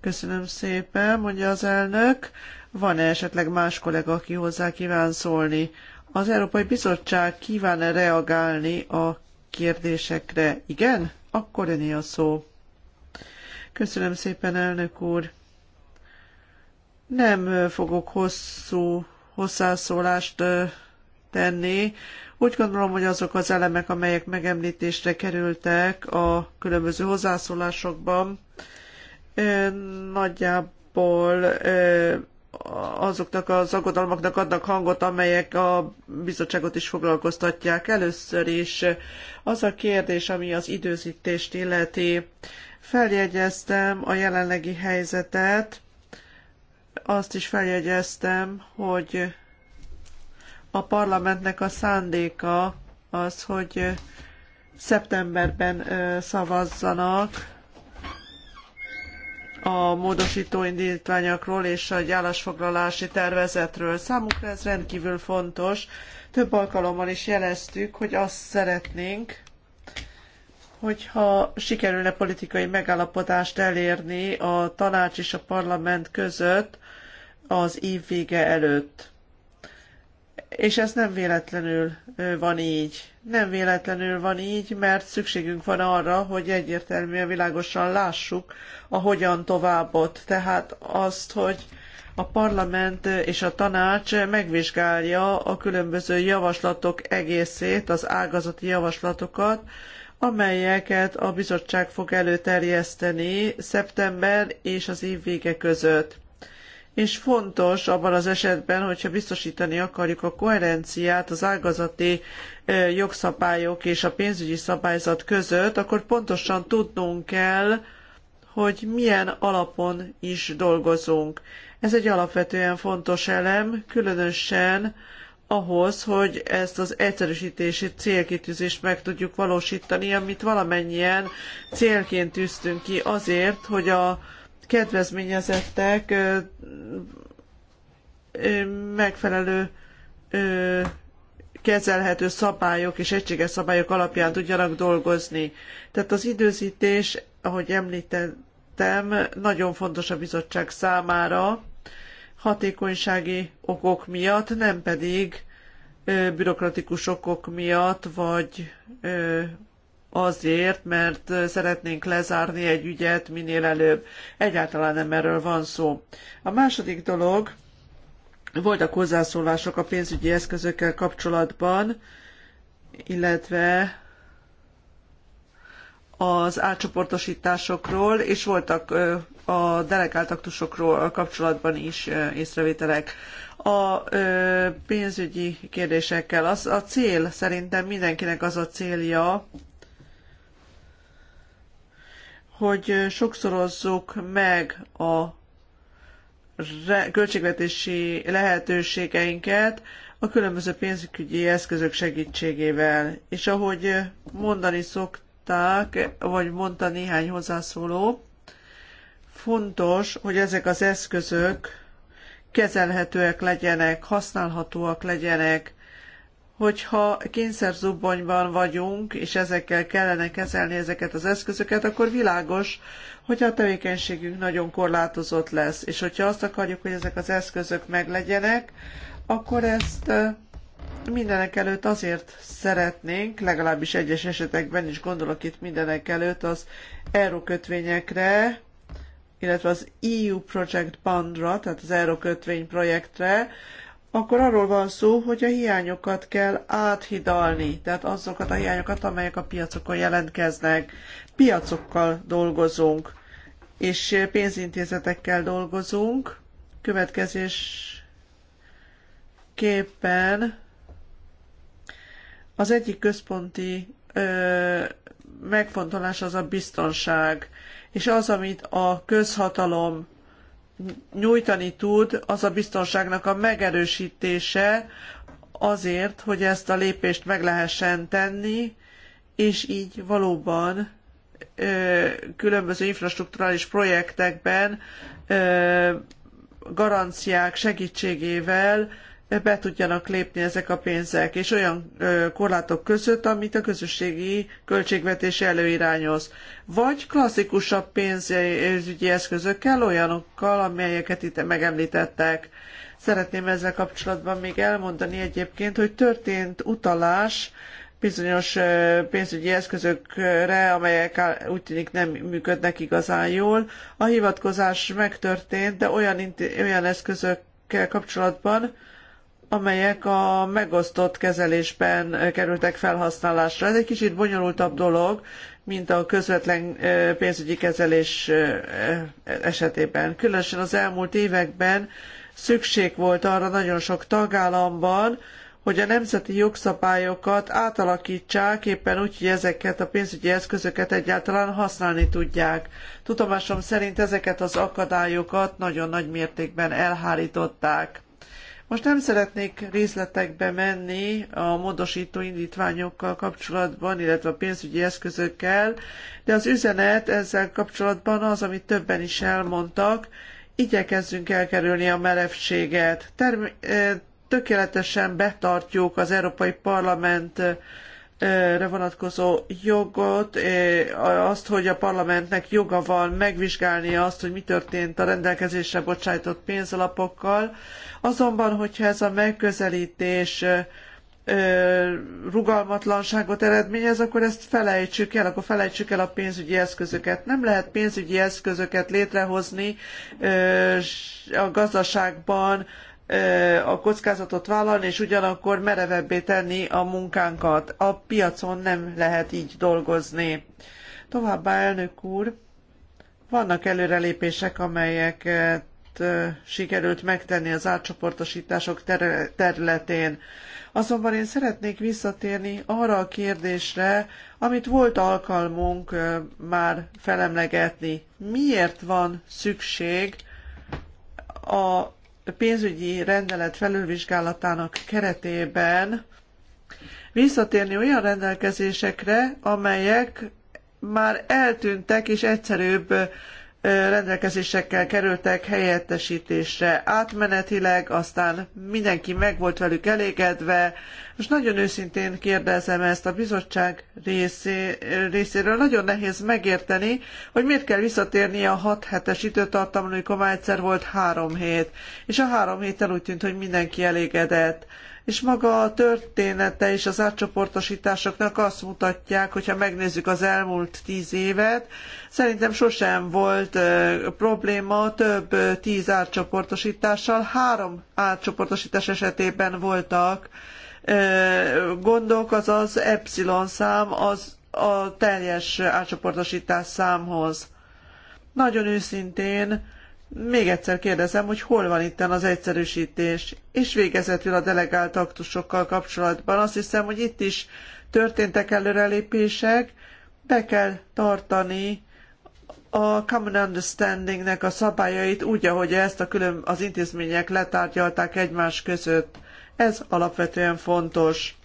Köszönöm szépen, mondja az elnök. Van-e esetleg más kollega, aki hozzá kíván szólni? Az Európai Bizottság kíván-e reagálni a kérdésekre? Igen? Akkor öné a szó. Köszönöm szépen, elnök úr. Nem fogok hosszú hozzászólást tenni. Úgy gondolom, hogy azok az elemek, amelyek megemlítésre kerültek a különböző hozzászólásokban, nagyjából azoknak az aggodalmaknak adnak hangot, amelyek a bizottságot is foglalkoztatják. Először is az a kérdés, ami az időzítést illeti. Feljegyeztem a jelenlegi helyzetet, azt is feljegyeztem, hogy a parlamentnek a szándéka az, hogy szeptemberben szavazzanak a módosító indítványokról és egy állásfoglalási tervezetről. Számunkra ez rendkívül fontos. Több alkalommal is jeleztük, hogy azt szeretnénk, hogyha sikerülne politikai megállapodást elérni a tanács és a parlament között az év vége előtt és ez nem véletlenül van így. Nem véletlenül van így, mert szükségünk van arra, hogy egyértelműen világosan lássuk a hogyan továbbot. Tehát azt, hogy a parlament és a tanács megvizsgálja a különböző javaslatok egészét, az ágazati javaslatokat, amelyeket a bizottság fog előterjeszteni szeptember és az év vége között és fontos abban az esetben, hogyha biztosítani akarjuk a koherenciát az ágazati jogszabályok és a pénzügyi szabályzat között, akkor pontosan tudnunk kell, hogy milyen alapon is dolgozunk. Ez egy alapvetően fontos elem, különösen ahhoz, hogy ezt az egyszerűsítési célkitűzést meg tudjuk valósítani, amit valamennyien célként tűztünk ki azért, hogy a kedvezményezettek megfelelő kezelhető szabályok és egységes szabályok alapján tudjanak dolgozni. Tehát az időzítés, ahogy említettem, nagyon fontos a bizottság számára, hatékonysági okok miatt, nem pedig bürokratikus okok miatt, vagy azért, mert szeretnénk lezárni egy ügyet minél előbb. Egyáltalán nem erről van szó. A második dolog, voltak hozzászólások a pénzügyi eszközökkel kapcsolatban, illetve az átcsoportosításokról, és voltak a delegált aktusokról kapcsolatban is észrevételek. A pénzügyi kérdésekkel az a cél, szerintem mindenkinek az a célja, hogy sokszorozzuk meg a költségvetési lehetőségeinket a különböző pénzügyi eszközök segítségével. És ahogy mondani szokták, vagy mondta néhány hozzászóló, fontos, hogy ezek az eszközök kezelhetőek legyenek, használhatóak legyenek, hogyha kényszerzubbonyban vagyunk, és ezekkel kellene kezelni ezeket az eszközöket, akkor világos, hogy a tevékenységünk nagyon korlátozott lesz. És hogyha azt akarjuk, hogy ezek az eszközök meglegyenek, akkor ezt mindenekelőtt azért szeretnénk, legalábbis egyes esetekben is gondolok itt mindenekelőtt az eurókötvényekre, illetve az EU Project Bandra, tehát az eurókötvény projektre, akkor arról van szó, hogy a hiányokat kell áthidalni, tehát azokat a hiányokat, amelyek a piacokon jelentkeznek. Piacokkal dolgozunk, és pénzintézetekkel dolgozunk. Következésképpen az egyik központi ö, megfontolás az a biztonság, és az, amit a közhatalom nyújtani tud, az a biztonságnak a megerősítése azért, hogy ezt a lépést meg lehessen tenni, és így valóban ö, különböző infrastrukturális projektekben ö, garanciák segítségével be tudjanak lépni ezek a pénzek, és olyan korlátok között, amit a közösségi költségvetés előirányoz. Vagy klasszikusabb pénzügyi eszközökkel, olyanokkal, amelyeket itt megemlítettek. Szeretném ezzel kapcsolatban még elmondani egyébként, hogy történt utalás bizonyos pénzügyi eszközökre, amelyek úgy tűnik nem működnek igazán jól. A hivatkozás megtörtént, de olyan, olyan eszközökkel kapcsolatban, amelyek a megosztott kezelésben kerültek felhasználásra. Ez egy kicsit bonyolultabb dolog, mint a közvetlen pénzügyi kezelés esetében. Különösen az elmúlt években szükség volt arra nagyon sok tagállamban, hogy a nemzeti jogszabályokat átalakítsák éppen úgy, hogy ezeket a pénzügyi eszközöket egyáltalán használni tudják. Tudomásom szerint ezeket az akadályokat nagyon nagy mértékben elhárították. Most nem szeretnék részletekbe menni a módosító indítványokkal kapcsolatban, illetve a pénzügyi eszközökkel, de az üzenet ezzel kapcsolatban az, amit többen is elmondtak, igyekezzünk elkerülni a merevséget. Term- eh, tökéletesen betartjuk az Európai Parlament vonatkozó jogot, eh, azt, hogy a parlamentnek joga van megvizsgálni azt, hogy mi történt a rendelkezésre bocsájtott pénzalapokkal. Azonban, hogyha ez a megközelítés eh, eh, rugalmatlanságot eredményez, akkor ezt felejtsük el, akkor felejtsük el a pénzügyi eszközöket. Nem lehet pénzügyi eszközöket létrehozni a gazdaságban a kockázatot vállalni, és ugyanakkor merevebbé tenni a munkánkat. A piacon nem lehet így dolgozni. Továbbá, elnök úr, vannak előrelépések, amelyeket sikerült megtenni az átcsoportosítások ter- területén. Azonban én szeretnék visszatérni arra a kérdésre, amit volt alkalmunk már felemlegetni. Miért van szükség a pénzügyi rendelet felülvizsgálatának keretében visszatérni olyan rendelkezésekre, amelyek már eltűntek és egyszerűbb rendelkezésekkel kerültek helyettesítésre átmenetileg, aztán mindenki meg volt velük elégedve. Most nagyon őszintén kérdezem ezt a bizottság részé, részéről. Nagyon nehéz megérteni, hogy miért kell visszatérni a 6 hetes időtartamra, amikor már egyszer volt három hét. És a három héttel úgy tűnt, hogy mindenki elégedett és maga a története és az átcsoportosításoknak azt mutatják, hogyha megnézzük az elmúlt tíz évet, szerintem sosem volt probléma több tíz átcsoportosítással, három átcsoportosítás esetében voltak gondok, azaz epsilon szám az a teljes átcsoportosítás számhoz. Nagyon őszintén még egyszer kérdezem, hogy hol van itten az egyszerűsítés, és végezetül a delegált aktusokkal kapcsolatban. Azt hiszem, hogy itt is történtek előrelépések, be kell tartani a common understandingnek a szabályait úgy, ahogy ezt a külön az intézmények letárgyalták egymás között. Ez alapvetően fontos.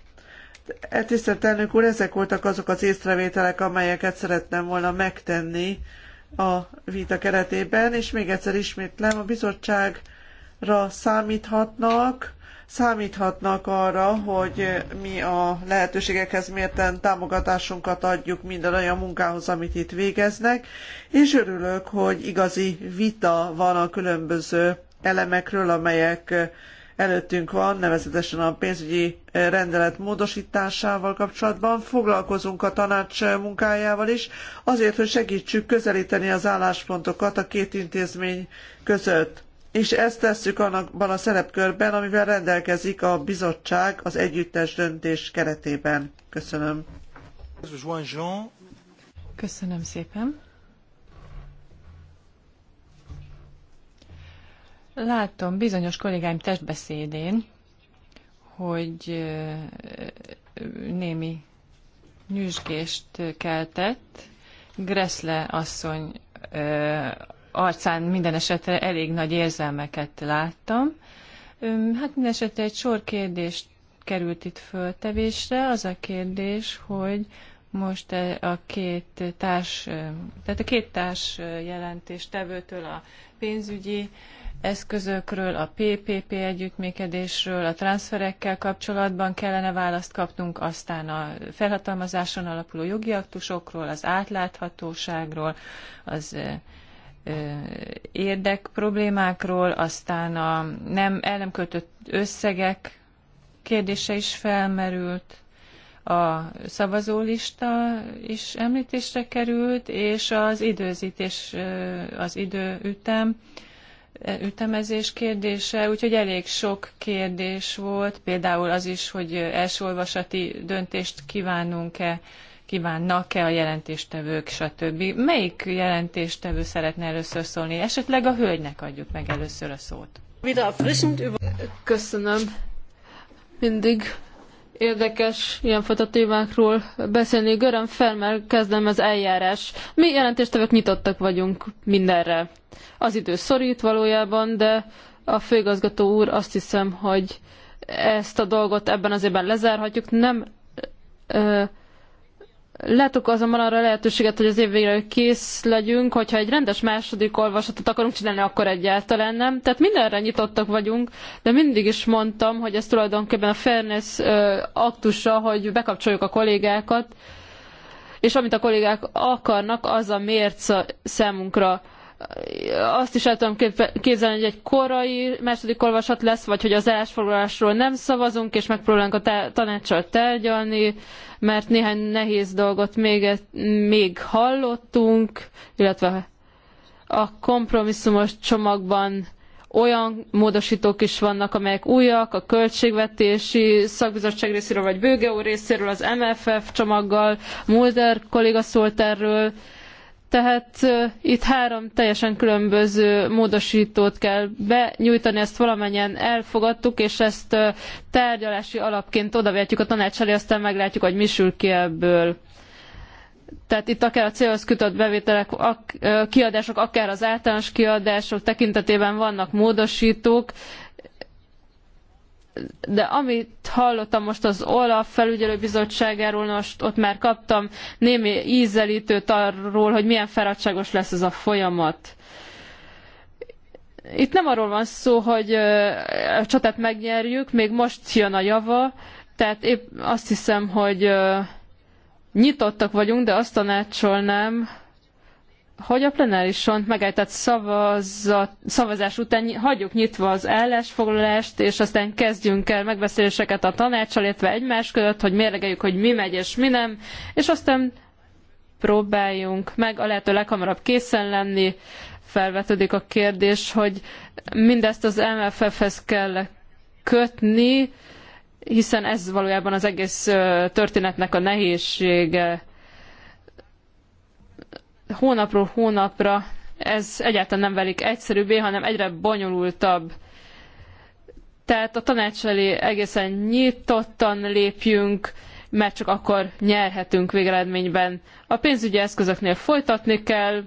E tisztelt elnök úr, ezek voltak azok az észrevételek, amelyeket szerettem volna megtenni a vita keretében, és még egyszer ismétlem, a bizottságra számíthatnak, számíthatnak arra, hogy mi a lehetőségekhez mérten támogatásunkat adjuk minden olyan munkához, amit itt végeznek, és örülök, hogy igazi vita van a különböző elemekről, amelyek előttünk van, nevezetesen a pénzügyi eh, rendelet módosításával kapcsolatban. Foglalkozunk a tanács eh, munkájával is, azért, hogy segítsük közelíteni az álláspontokat a két intézmény között. És ezt tesszük annakban a szerepkörben, amivel rendelkezik a bizottság az együttes döntés keretében. Köszönöm. Köszönöm szépen. Látom bizonyos kollégáim testbeszédén, hogy némi nyüzsgést keltett. Gressle asszony arcán minden esetre elég nagy érzelmeket láttam. Hát minden esetre egy sor kérdést került itt föltevésre. Az a kérdés, hogy most e, a két társ, tehát a két társ jelentés tevőtől a pénzügyi eszközökről, a PPP együttműködésről, a transferekkel kapcsolatban kellene választ kapnunk, aztán a felhatalmazáson alapuló jogi aktusokról, az átláthatóságról, az érdek problémákról, aztán a nem, el nem kötött összegek kérdése is felmerült, a szavazólista is említésre került, és az időzítés, az időütem, ütemezés kérdése, úgyhogy elég sok kérdés volt, például az is, hogy első olvasati döntést kívánunk-e, kívánnak-e a jelentéstevők, stb. Melyik jelentéstevő szeretne először szólni? Esetleg a hölgynek adjuk meg először a szót. Köszönöm. Mindig érdekes ilyenfajta témákról beszélni. Göröm mert kezdem az eljárás. Mi jelentéstevők nyitottak vagyunk mindenre. Az idő szorít valójában, de a főigazgató úr azt hiszem, hogy ezt a dolgot ebben az évben lezárhatjuk. Nem ö, Látok azonban arra a lehetőséget, hogy az év végére kész legyünk, hogyha egy rendes második olvasatot akarunk csinálni, akkor egyáltalán nem. Tehát mindenre nyitottak vagyunk, de mindig is mondtam, hogy ez tulajdonképpen a fairness aktusa, hogy bekapcsoljuk a kollégákat, és amit a kollégák akarnak, az a mérce számunkra azt is el tudom képzelni, hogy egy korai második olvasat lesz, vagy hogy az állásfoglalásról nem szavazunk, és megpróbálunk a tanácssal tárgyalni, mert néhány nehéz dolgot még, e- még hallottunk, illetve a kompromisszumos csomagban olyan módosítók is vannak, amelyek újak, a költségvetési szakbizottság részéről, vagy Bőge úr részéről, az MFF csomaggal, Mulder kolléga szólt erről, tehát itt három teljesen különböző módosítót kell benyújtani, ezt valamennyien elfogadtuk, és ezt tárgyalási alapként odavetjük a tanács elé, aztán meglátjuk, hogy mi sül ki ebből. Tehát itt akár a célhoz kötött bevételek, kiadások, akár az általános kiadások tekintetében vannak módosítók, de amit hallottam most az OLAF felügyelőbizottságáról, most ott már kaptam némi ízelítőt arról, hogy milyen fáradtságos lesz ez a folyamat. Itt nem arról van szó, hogy a csatát megnyerjük, még most jön a java, tehát épp azt hiszem, hogy nyitottak vagyunk, de azt tanácsolnám, hogy a plenárison megejtett szavazás után hagyjuk nyitva az állásfoglalást, és aztán kezdjünk el megbeszéléseket a tanácssal, illetve egymás között, hogy mérlegeljük, hogy mi megy és mi nem, és aztán próbáljunk meg a lehető leghamarabb készen lenni. Felvetődik a kérdés, hogy mindezt az MFF-hez kell kötni, hiszen ez valójában az egész történetnek a nehézsége hónapról hónapra ez egyáltalán nem válik, egyszerűbbé, hanem egyre bonyolultabb. Tehát a tanács elé egészen nyitottan lépjünk, mert csak akkor nyerhetünk végeredményben. A pénzügyi eszközöknél folytatni kell,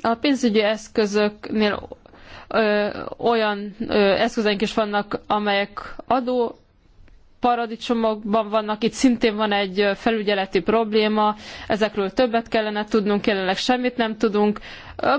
a pénzügyi eszközöknél ö, olyan ö, eszközeink is vannak, amelyek adó paradicsomokban vannak, itt szintén van egy felügyeleti probléma, ezekről többet kellene tudnunk, jelenleg semmit nem tudunk,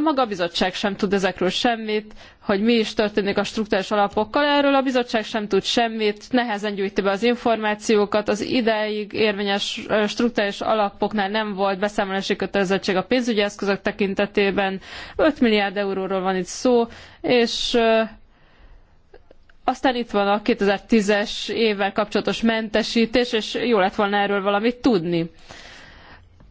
maga a bizottság sem tud ezekről semmit, hogy mi is történik a struktúrás alapokkal, erről a bizottság sem tud semmit, nehezen gyűjti be az információkat, az ideig érvényes struktúrás alapoknál nem volt beszámolási kötelezettség a pénzügyi eszközök tekintetében, 5 milliárd euróról van itt szó, és aztán itt van a 2010-es évvel kapcsolatos mentesítés, és jó lett volna erről valamit tudni.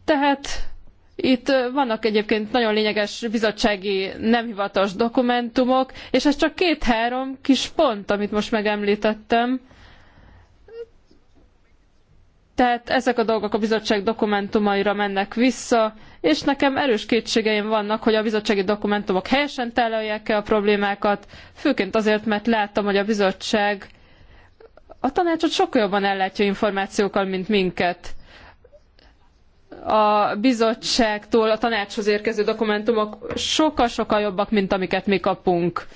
Tehát itt vannak egyébként nagyon lényeges bizottsági nem hivatalos dokumentumok, és ez csak két-három kis pont, amit most megemlítettem. Tehát ezek a dolgok a bizottság dokumentumaira mennek vissza, és nekem erős kétségeim vannak, hogy a bizottsági dokumentumok helyesen tálalják-e a problémákat, főként azért, mert láttam, hogy a bizottság a tanácsot sokkal jobban ellátja információkkal, mint minket a bizottságtól a tanácshoz érkező dokumentumok sokkal-sokkal jobbak, mint amiket mi kapunk.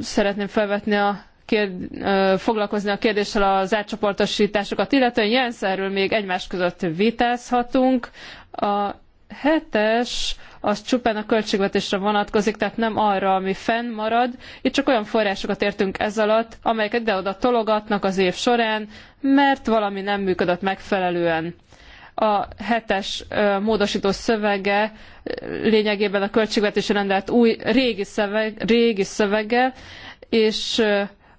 Szeretném felvetni a kérd, ö, foglalkozni a kérdéssel az átcsoportosításokat, illetően Jenszerről még egymás között vitázhatunk. A hetes az csupán a költségvetésre vonatkozik, tehát nem arra, ami fennmarad. Itt csak olyan forrásokat értünk ez alatt, amelyeket ide-oda tologatnak az év során, mert valami nem működött megfelelően. A hetes módosító szövege lényegében a költségvetésre rendelt új régi, szöveg, régi szövege, és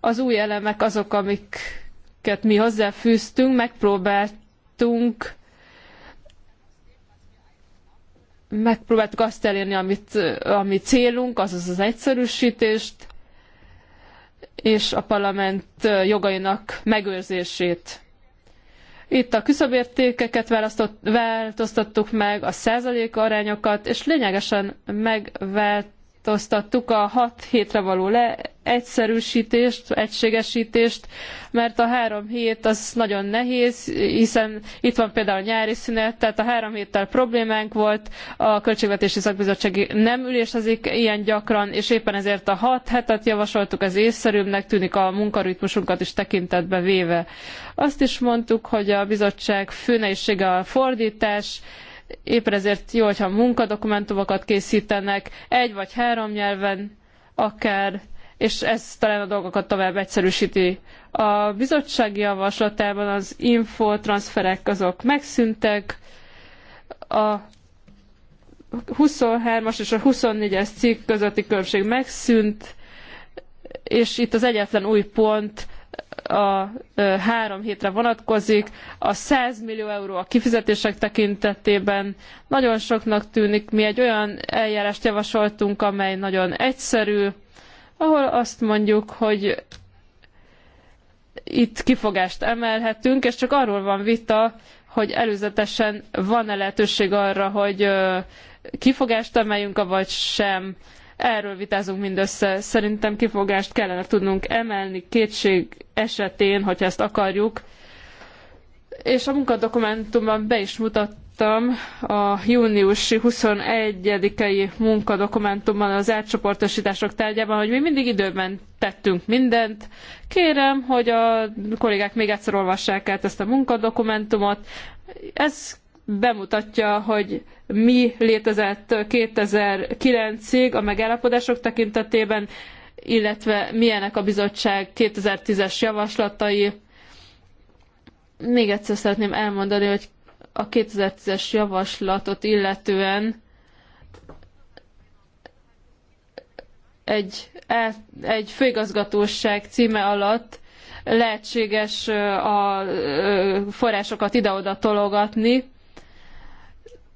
az új elemek azok, amiket mi hozzáfűztünk, megpróbáltunk megpróbáltuk azt elérni, amit, ami célunk, azaz az egyszerűsítést, és a parlament jogainak megőrzését. Itt a küszöbértékeket változtattuk meg, a százalék arányokat, és lényegesen megvált megváltoztattuk a hat hétre való le egyszerűsítést, egységesítést, mert a három hét az nagyon nehéz, hiszen itt van például a nyári szünet, tehát a három héttel problémánk volt, a Költségvetési Szakbizottság nem ülésezik ilyen gyakran, és éppen ezért a hat hetet javasoltuk, ez észszerűbbnek tűnik a munkaritmusunkat is tekintetbe véve. Azt is mondtuk, hogy a bizottság fő nehézsége a fordítás, éppen ezért jó, hogyha munkadokumentumokat készítenek egy vagy három nyelven, akár, és ez talán a dolgokat tovább egyszerűsíti. A bizottsági javaslatában az infotranszferek azok megszűntek, a 23-as és a 24-es cikk közötti különbség megszűnt, és itt az egyetlen új pont a három hétre vonatkozik, a 100 millió euró a kifizetések tekintetében nagyon soknak tűnik. Mi egy olyan eljárást javasoltunk, amely nagyon egyszerű, ahol azt mondjuk, hogy itt kifogást emelhetünk, és csak arról van vita, hogy előzetesen van-e lehetőség arra, hogy kifogást emeljünk, vagy sem. Erről vitázunk mindössze. Szerintem kifogást kellene tudnunk emelni kétség esetén, hogyha ezt akarjuk. És a munkadokumentumban be is mutattam a júniusi 21-i munkadokumentumban az átcsoportosítások tárgyában, hogy mi mindig időben tettünk mindent. Kérem, hogy a kollégák még egyszer olvassák át ezt a munkadokumentumot. Ez bemutatja, hogy mi létezett 2009-ig a megállapodások tekintetében, illetve milyenek a bizottság 2010-es javaslatai. Még egyszer szeretném elmondani, hogy a 2010-es javaslatot illetően egy, egy főigazgatóság címe alatt lehetséges a forrásokat ide-oda tologatni,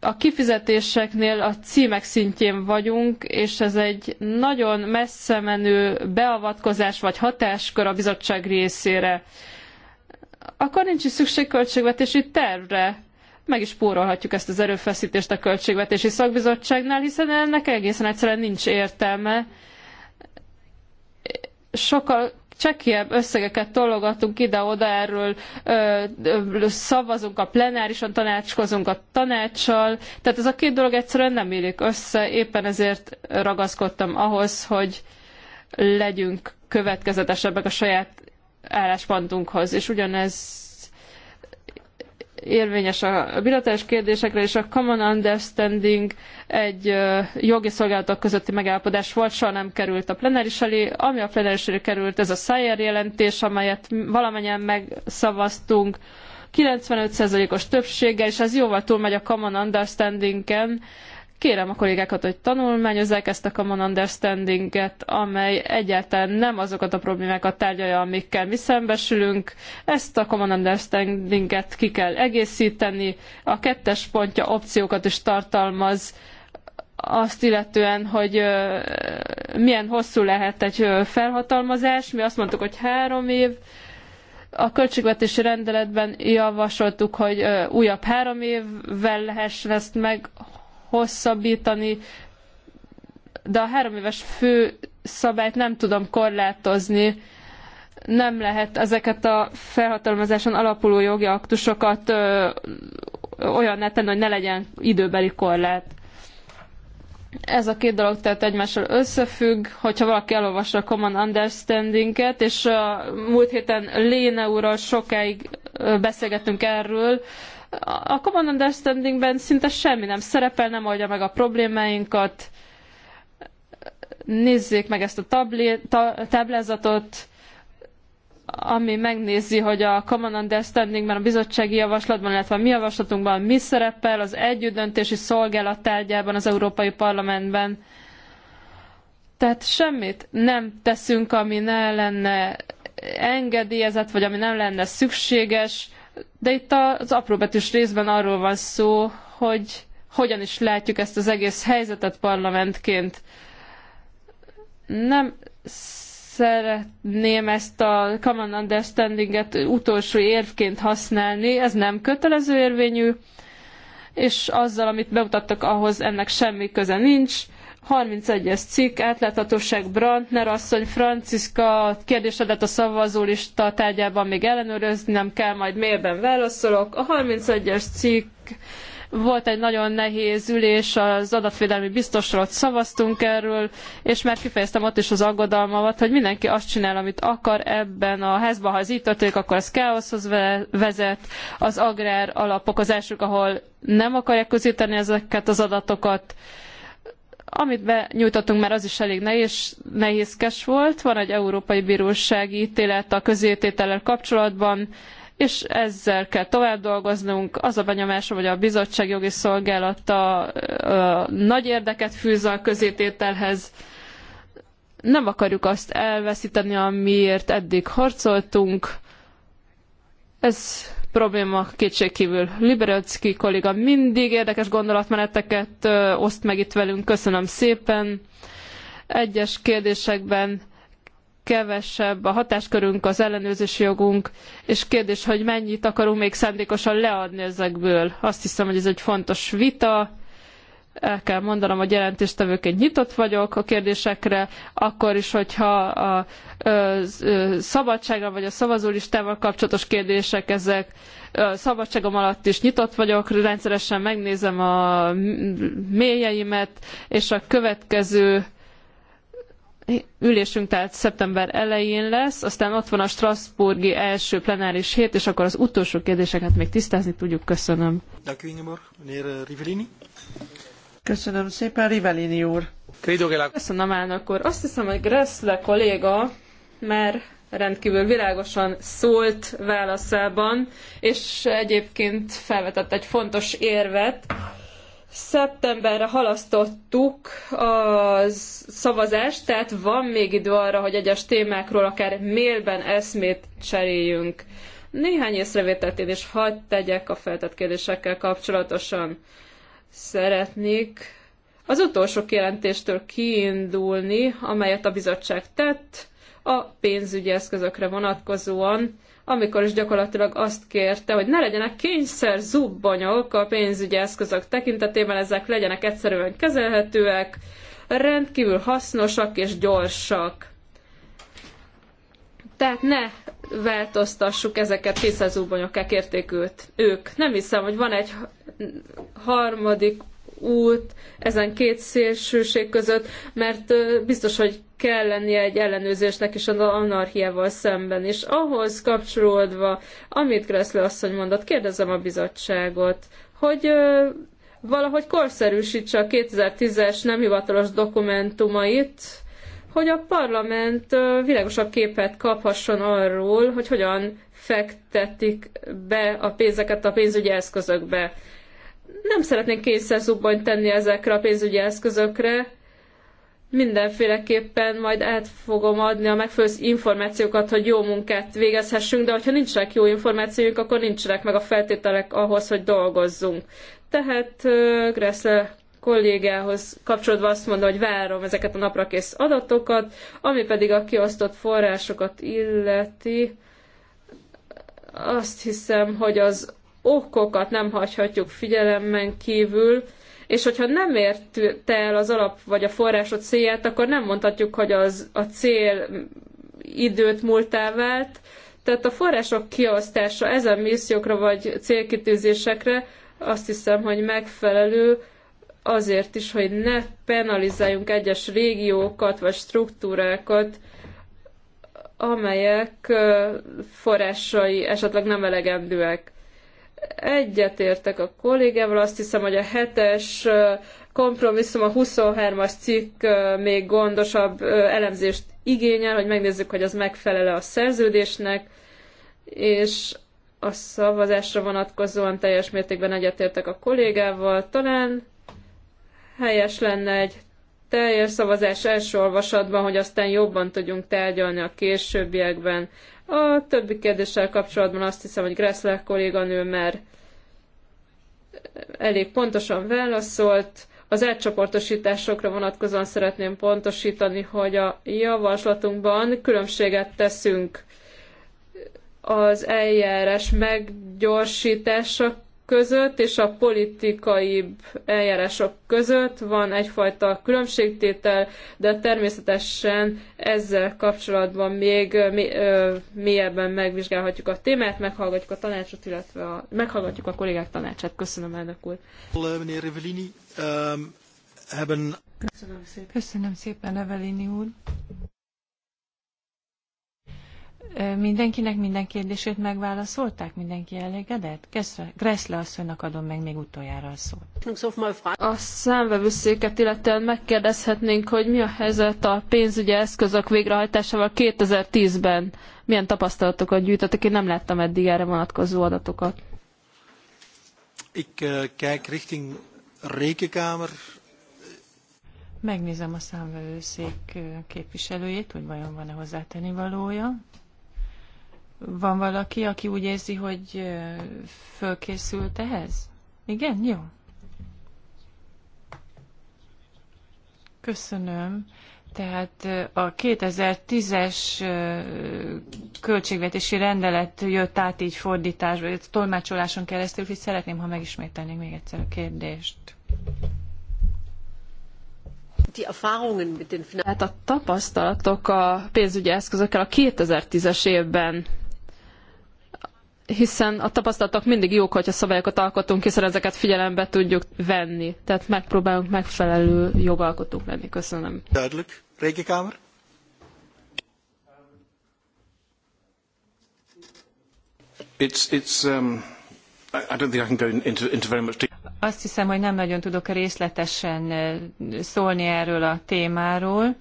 a kifizetéseknél a címek szintjén vagyunk, és ez egy nagyon messze menő beavatkozás vagy hatáskör a bizottság részére. Akkor nincs is szükség költségvetési tervre. Meg is pórolhatjuk ezt az erőfeszítést a költségvetési szakbizottságnál, hiszen ennek egészen egyszerűen nincs értelme. Sokkal csekélyebb összegeket tologatunk ide-oda, erről ö, ö, szavazunk a plenárison, tanácskozunk a tanácssal. Tehát ez a két dolog egyszerűen nem élik össze, éppen ezért ragaszkodtam ahhoz, hogy legyünk következetesebbek a saját álláspontunkhoz. És ugyanez érvényes a bilaterális kérdésekre, és a common understanding egy jogi szolgálatok közötti megállapodás volt, soha nem került a plenáris elé. Ami a plenáris elé került, ez a Sayer jelentés, amelyet valamennyien megszavaztunk 95%-os többséggel, és ez jóval túlmegy a common understanding-en, Kérem a kollégákat, hogy tanulmányozzák ezt a common understanding-et, amely egyáltalán nem azokat a problémákat tárgyalja, amikkel mi szembesülünk. Ezt a common understanding-et ki kell egészíteni. A kettes pontja opciókat is tartalmaz, azt illetően, hogy milyen hosszú lehet egy felhatalmazás. Mi azt mondtuk, hogy három év. A költségvetési rendeletben javasoltuk, hogy újabb három évvel lehessen ezt meg hosszabbítani, de a három éves fő szabályt nem tudom korlátozni. Nem lehet ezeket a felhatalmazáson alapuló jogi aktusokat ö, olyan tenni, hogy ne legyen időbeli korlát. Ez a két dolog tehát egymással összefügg, hogyha valaki elolvassa a Common Understanding-et, és a múlt héten Léne úrral sokáig beszélgettünk erről, a Common Understandingben szinte semmi nem szerepel, nem oldja meg a problémáinkat. Nézzék meg ezt a táblázatot, ami megnézi, hogy a Common Understandingben, a bizottsági javaslatban, illetve a mi javaslatunkban mi szerepel, az együttdöntési szolgálat tárgyában az Európai Parlamentben. Tehát semmit nem teszünk, ami ne lenne engedélyezett, vagy ami nem lenne szükséges de itt az apróbetűs részben arról van szó, hogy hogyan is látjuk ezt az egész helyzetet parlamentként. Nem szeretném ezt a common understandinget utolsó érvként használni, ez nem kötelező érvényű, és azzal, amit bemutattak, ahhoz ennek semmi köze nincs. 31-es cikk, átláthatóság Brandner asszony, Franciska kérdésedet a szavazólista tárgyában még ellenőrözni nem kell, majd mailben válaszolok. A 31-es cikk volt egy nagyon nehéz ülés, az adatvédelmi biztosról szavaztunk erről, és már kifejeztem ott is az aggodalmamat, hogy mindenki azt csinál, amit akar ebben a házban, ha ez így történik, akkor ez káoszhoz vezet. Az agrár alapok az elsők, ahol nem akarják közíteni ezeket az adatokat, amit benyújtottunk, már az is elég nehéz, nehézkes volt. Van egy európai bírósági ítélet a közététellel kapcsolatban, és ezzel kell tovább dolgoznunk. Az a benyomásom, hogy a bizottság jogi szolgálata nagy érdeket fűz a közétételhez. Nem akarjuk azt elveszíteni, amiért eddig harcoltunk. Ez probléma kétségkívül. Liberecki kolléga mindig érdekes gondolatmeneteket oszt meg itt velünk. Köszönöm szépen. Egyes kérdésekben kevesebb a hatáskörünk, az ellenőrzési jogunk, és kérdés, hogy mennyit akarunk még szándékosan leadni ezekből. Azt hiszem, hogy ez egy fontos vita el kell mondanom, hogy jelentéstevőként nyitott vagyok a kérdésekre, akkor is, hogyha a, szabadságra vagy a szavazólistával kapcsolatos kérdések, ezek szabadságom alatt is nyitott vagyok, rendszeresen megnézem a mélyeimet, és a következő ülésünk tehát szeptember elején lesz, aztán ott van a Strasburgi első plenáris hét, és akkor az utolsó kérdéseket még tisztázni tudjuk. Köszönöm. Köszönöm. Köszönöm szépen, Rivellini úr. Köszönöm, elnök úr. Azt hiszem, hogy Gressle kolléga már rendkívül világosan szólt válaszában, és egyébként felvetett egy fontos érvet. Szeptemberre halasztottuk a szavazást, tehát van még idő arra, hogy egyes témákról akár mailben eszmét cseréljünk. Néhány észrevételt én is hagyd tegyek a feltett kérdésekkel kapcsolatosan szeretnék az utolsó kijelentéstől kiindulni, amelyet a bizottság tett a pénzügyi eszközökre vonatkozóan, amikor is gyakorlatilag azt kérte, hogy ne legyenek kényszer zubbonyok a pénzügyi eszközök tekintetében, ezek legyenek egyszerűen kezelhetőek, rendkívül hasznosak és gyorsak. Tehát ne változtassuk ezeket 200 úbonyokák értékült ők. Nem hiszem, hogy van egy harmadik út ezen két szélsőség között, mert biztos, hogy kell lennie egy ellenőrzésnek is az anarchiával szemben is. Ahhoz kapcsolódva, amit Gressler asszony mondott, kérdezem a bizottságot, hogy valahogy korszerűsítse a 2010-es nem hivatalos dokumentumait, hogy a parlament világosabb képet kaphasson arról, hogy hogyan fektetik be a pénzeket a pénzügyi eszközökbe. Nem szeretnénk zubbony tenni ezekre a pénzügyi eszközökre, mindenféleképpen majd át fogom adni a megfelelő információkat, hogy jó munkát végezhessünk, de hogyha nincsenek jó információink, akkor nincsenek meg a feltételek ahhoz, hogy dolgozzunk. Tehát Gressel kollégához kapcsolódva azt mondom, hogy várom ezeket a naprakész adatokat, ami pedig a kiosztott forrásokat illeti. Azt hiszem, hogy az okokat nem hagyhatjuk figyelemmen kívül, és hogyha nem ért el az alap vagy a forrásod célját, akkor nem mondhatjuk, hogy az a cél időt múltá vált. Tehát a források kiosztása ezen missziókra vagy célkitűzésekre azt hiszem, hogy megfelelő, azért is, hogy ne penalizáljunk egyes régiókat vagy struktúrákat, amelyek forrásai esetleg nem elegendőek. Egyetértek a kollégával, azt hiszem, hogy a hetes kompromisszum, a 23-as cikk még gondosabb elemzést igényel, hogy megnézzük, hogy az megfelele a szerződésnek, és a szavazásra vonatkozóan teljes mértékben egyetértek a kollégával. Talán Helyes lenne egy teljes szavazás első olvasatban, hogy aztán jobban tudjunk tárgyalni a későbbiekben. A többi kérdéssel kapcsolatban azt hiszem, hogy Gressler kolléganő már elég pontosan válaszolt. Az elcsoportosításokra vonatkozóan szeretném pontosítani, hogy a javaslatunkban különbséget teszünk az eljárás meggyorsítása között és a politikai eljárások között van egyfajta különbségtétel, de természetesen ezzel kapcsolatban még mélyebben megvizsgálhatjuk a témát, meghallgatjuk a tanácsot, illetve a, meghallgatjuk a kollégák tanácsát. Köszönöm, elnök úr. Ehm, Köszönöm szépen, Evelini úr. Mindenkinek minden kérdését megválaszolták? Mindenki elégedett? Gressle asszonynak adom meg még utoljára a szót. A számvevőszéket illetően megkérdezhetnénk, hogy mi a helyzet a pénzügyi eszközök végrehajtásával 2010-ben. Milyen tapasztalatokat gyűjtöttek? Én nem láttam eddig erre vonatkozó adatokat. Ik eh, kijk richting Rekenkamer. Megnézem a számvevőszék eh, képviselőjét, hogy vajon van-e hozzátenni valója. Van valaki, aki úgy érzi, hogy fölkészült ehhez? Igen? Jó. Köszönöm. Tehát a 2010-es költségvetési rendelet jött át így fordításba, tolmácsoláson keresztül, úgyhogy szeretném, ha megismételnénk még egyszer a kérdést. Tehát a tapasztalatok a pénzügyi eszközökkel a 2010-es évben hiszen a tapasztalatok mindig jók, hogyha szabályokat alkotunk, hiszen ezeket figyelembe tudjuk venni. Tehát megpróbálunk megfelelő jogalkotók lenni. Köszönöm. Duidelijk. Rekenkamer? It's, it's, um, I don't think I can go into, into very much detail. Azt hiszem, hogy nem nagyon tudok részletesen szólni erről a témáról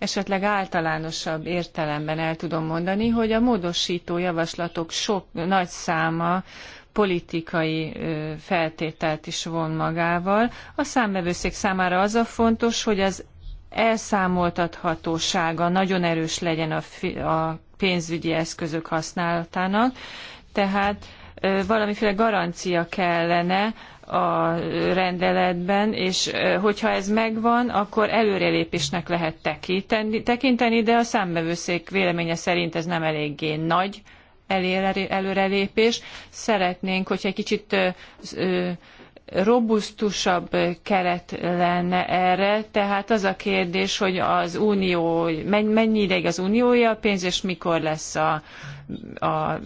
esetleg általánosabb értelemben el tudom mondani, hogy a módosító javaslatok sok nagy száma politikai feltételt is von magával. A számbevőszék számára az a fontos, hogy az elszámoltathatósága nagyon erős legyen a, pénzügyi eszközök használatának, tehát valamiféle garancia kellene a rendeletben, és hogyha ez megvan, akkor előrelépésnek lehet tekinteni, de a számbevőszék véleménye szerint ez nem eléggé nagy előrelépés. Szeretnénk, hogyha egy kicsit robusztusabb keret lenne erre, tehát az a kérdés, hogy az unió, mennyi ideig az uniója a pénz, és mikor lesz a, a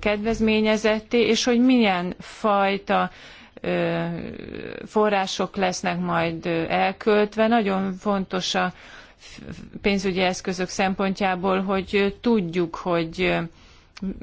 kedvezményezetté, és hogy milyen fajta források lesznek majd elköltve. Nagyon fontos a pénzügyi eszközök szempontjából, hogy tudjuk, hogy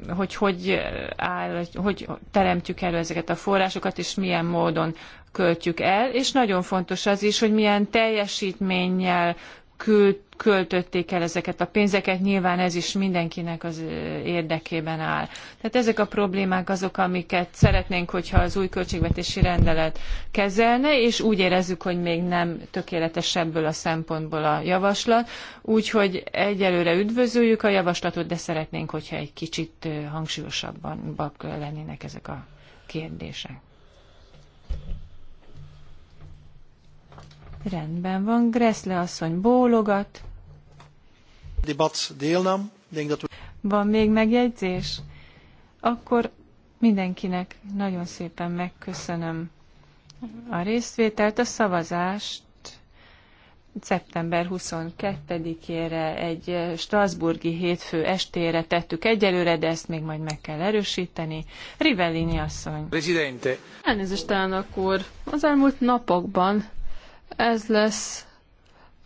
hogy hogy, áll, hogy teremtjük elő ezeket a forrásokat, és milyen módon költjük el, és nagyon fontos az is, hogy milyen teljesítménnyel küld, költötték el ezeket a pénzeket, nyilván ez is mindenkinek az érdekében áll. Tehát ezek a problémák azok, amiket szeretnénk, hogyha az új költségvetési rendelet kezelne, és úgy érezzük, hogy még nem tökéletes ebből a szempontból a javaslat. Úgyhogy egyelőre üdvözöljük a javaslatot, de szeretnénk, hogyha egy kicsit hangsúlyosabbak lennének ezek a kérdések. Rendben van, Gressle asszony bólogat. Debat délnam. Van még megjegyzés? Akkor mindenkinek nagyon szépen megköszönöm a részvételt, a szavazást szeptember 22-ére egy eh, Strasburgi hétfő estére tettük egyelőre, de ezt még majd meg kell erősíteni. Rivellini asszony. Presidente. Elnézést, elnök úr. Az elmúlt napokban ez lesz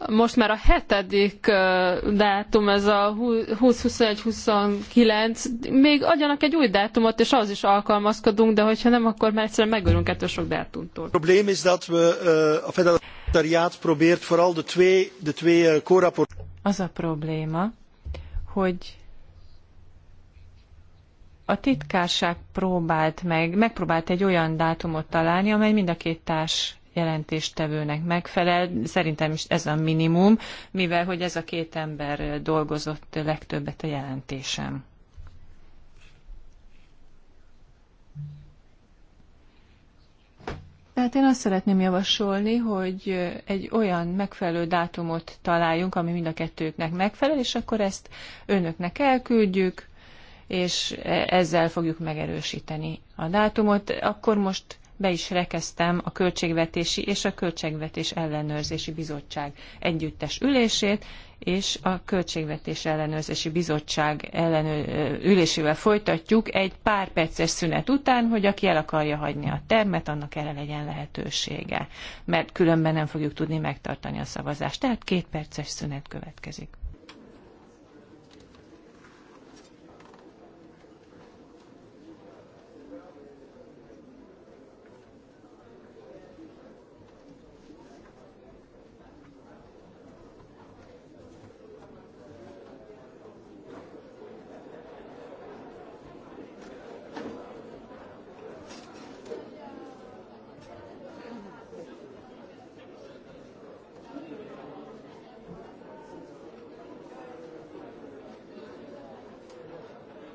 most már a hetedik dátum, ez a 20-21-29, még adjanak egy új dátumot, és az is alkalmazkodunk, de hogyha nem, akkor már egyszerűen megölünk ettől sok dátumtól. probléma is dat we, a federalitáriát próbált vooral de twee, de twee co Az a probléma, hogy a titkárság próbált meg, megpróbált egy olyan dátumot találni, amely mind a két társ jelentéstevőnek megfelel. Szerintem is ez a minimum, mivel hogy ez a két ember dolgozott legtöbbet a jelentésem. Tehát én azt szeretném javasolni, hogy egy olyan megfelelő dátumot találjunk, ami mind a kettőknek megfelel, és akkor ezt önöknek elküldjük, és e- ezzel fogjuk megerősíteni a dátumot. Akkor most be is rekeztem a Költségvetési és a Költségvetés Ellenőrzési Bizottság együttes ülését, és a Költségvetés Ellenőrzési Bizottság ellenő, ülésével folytatjuk egy pár perces szünet után, hogy aki el akarja hagyni a termet, annak erre legyen lehetősége, mert különben nem fogjuk tudni megtartani a szavazást. Tehát két perces szünet következik.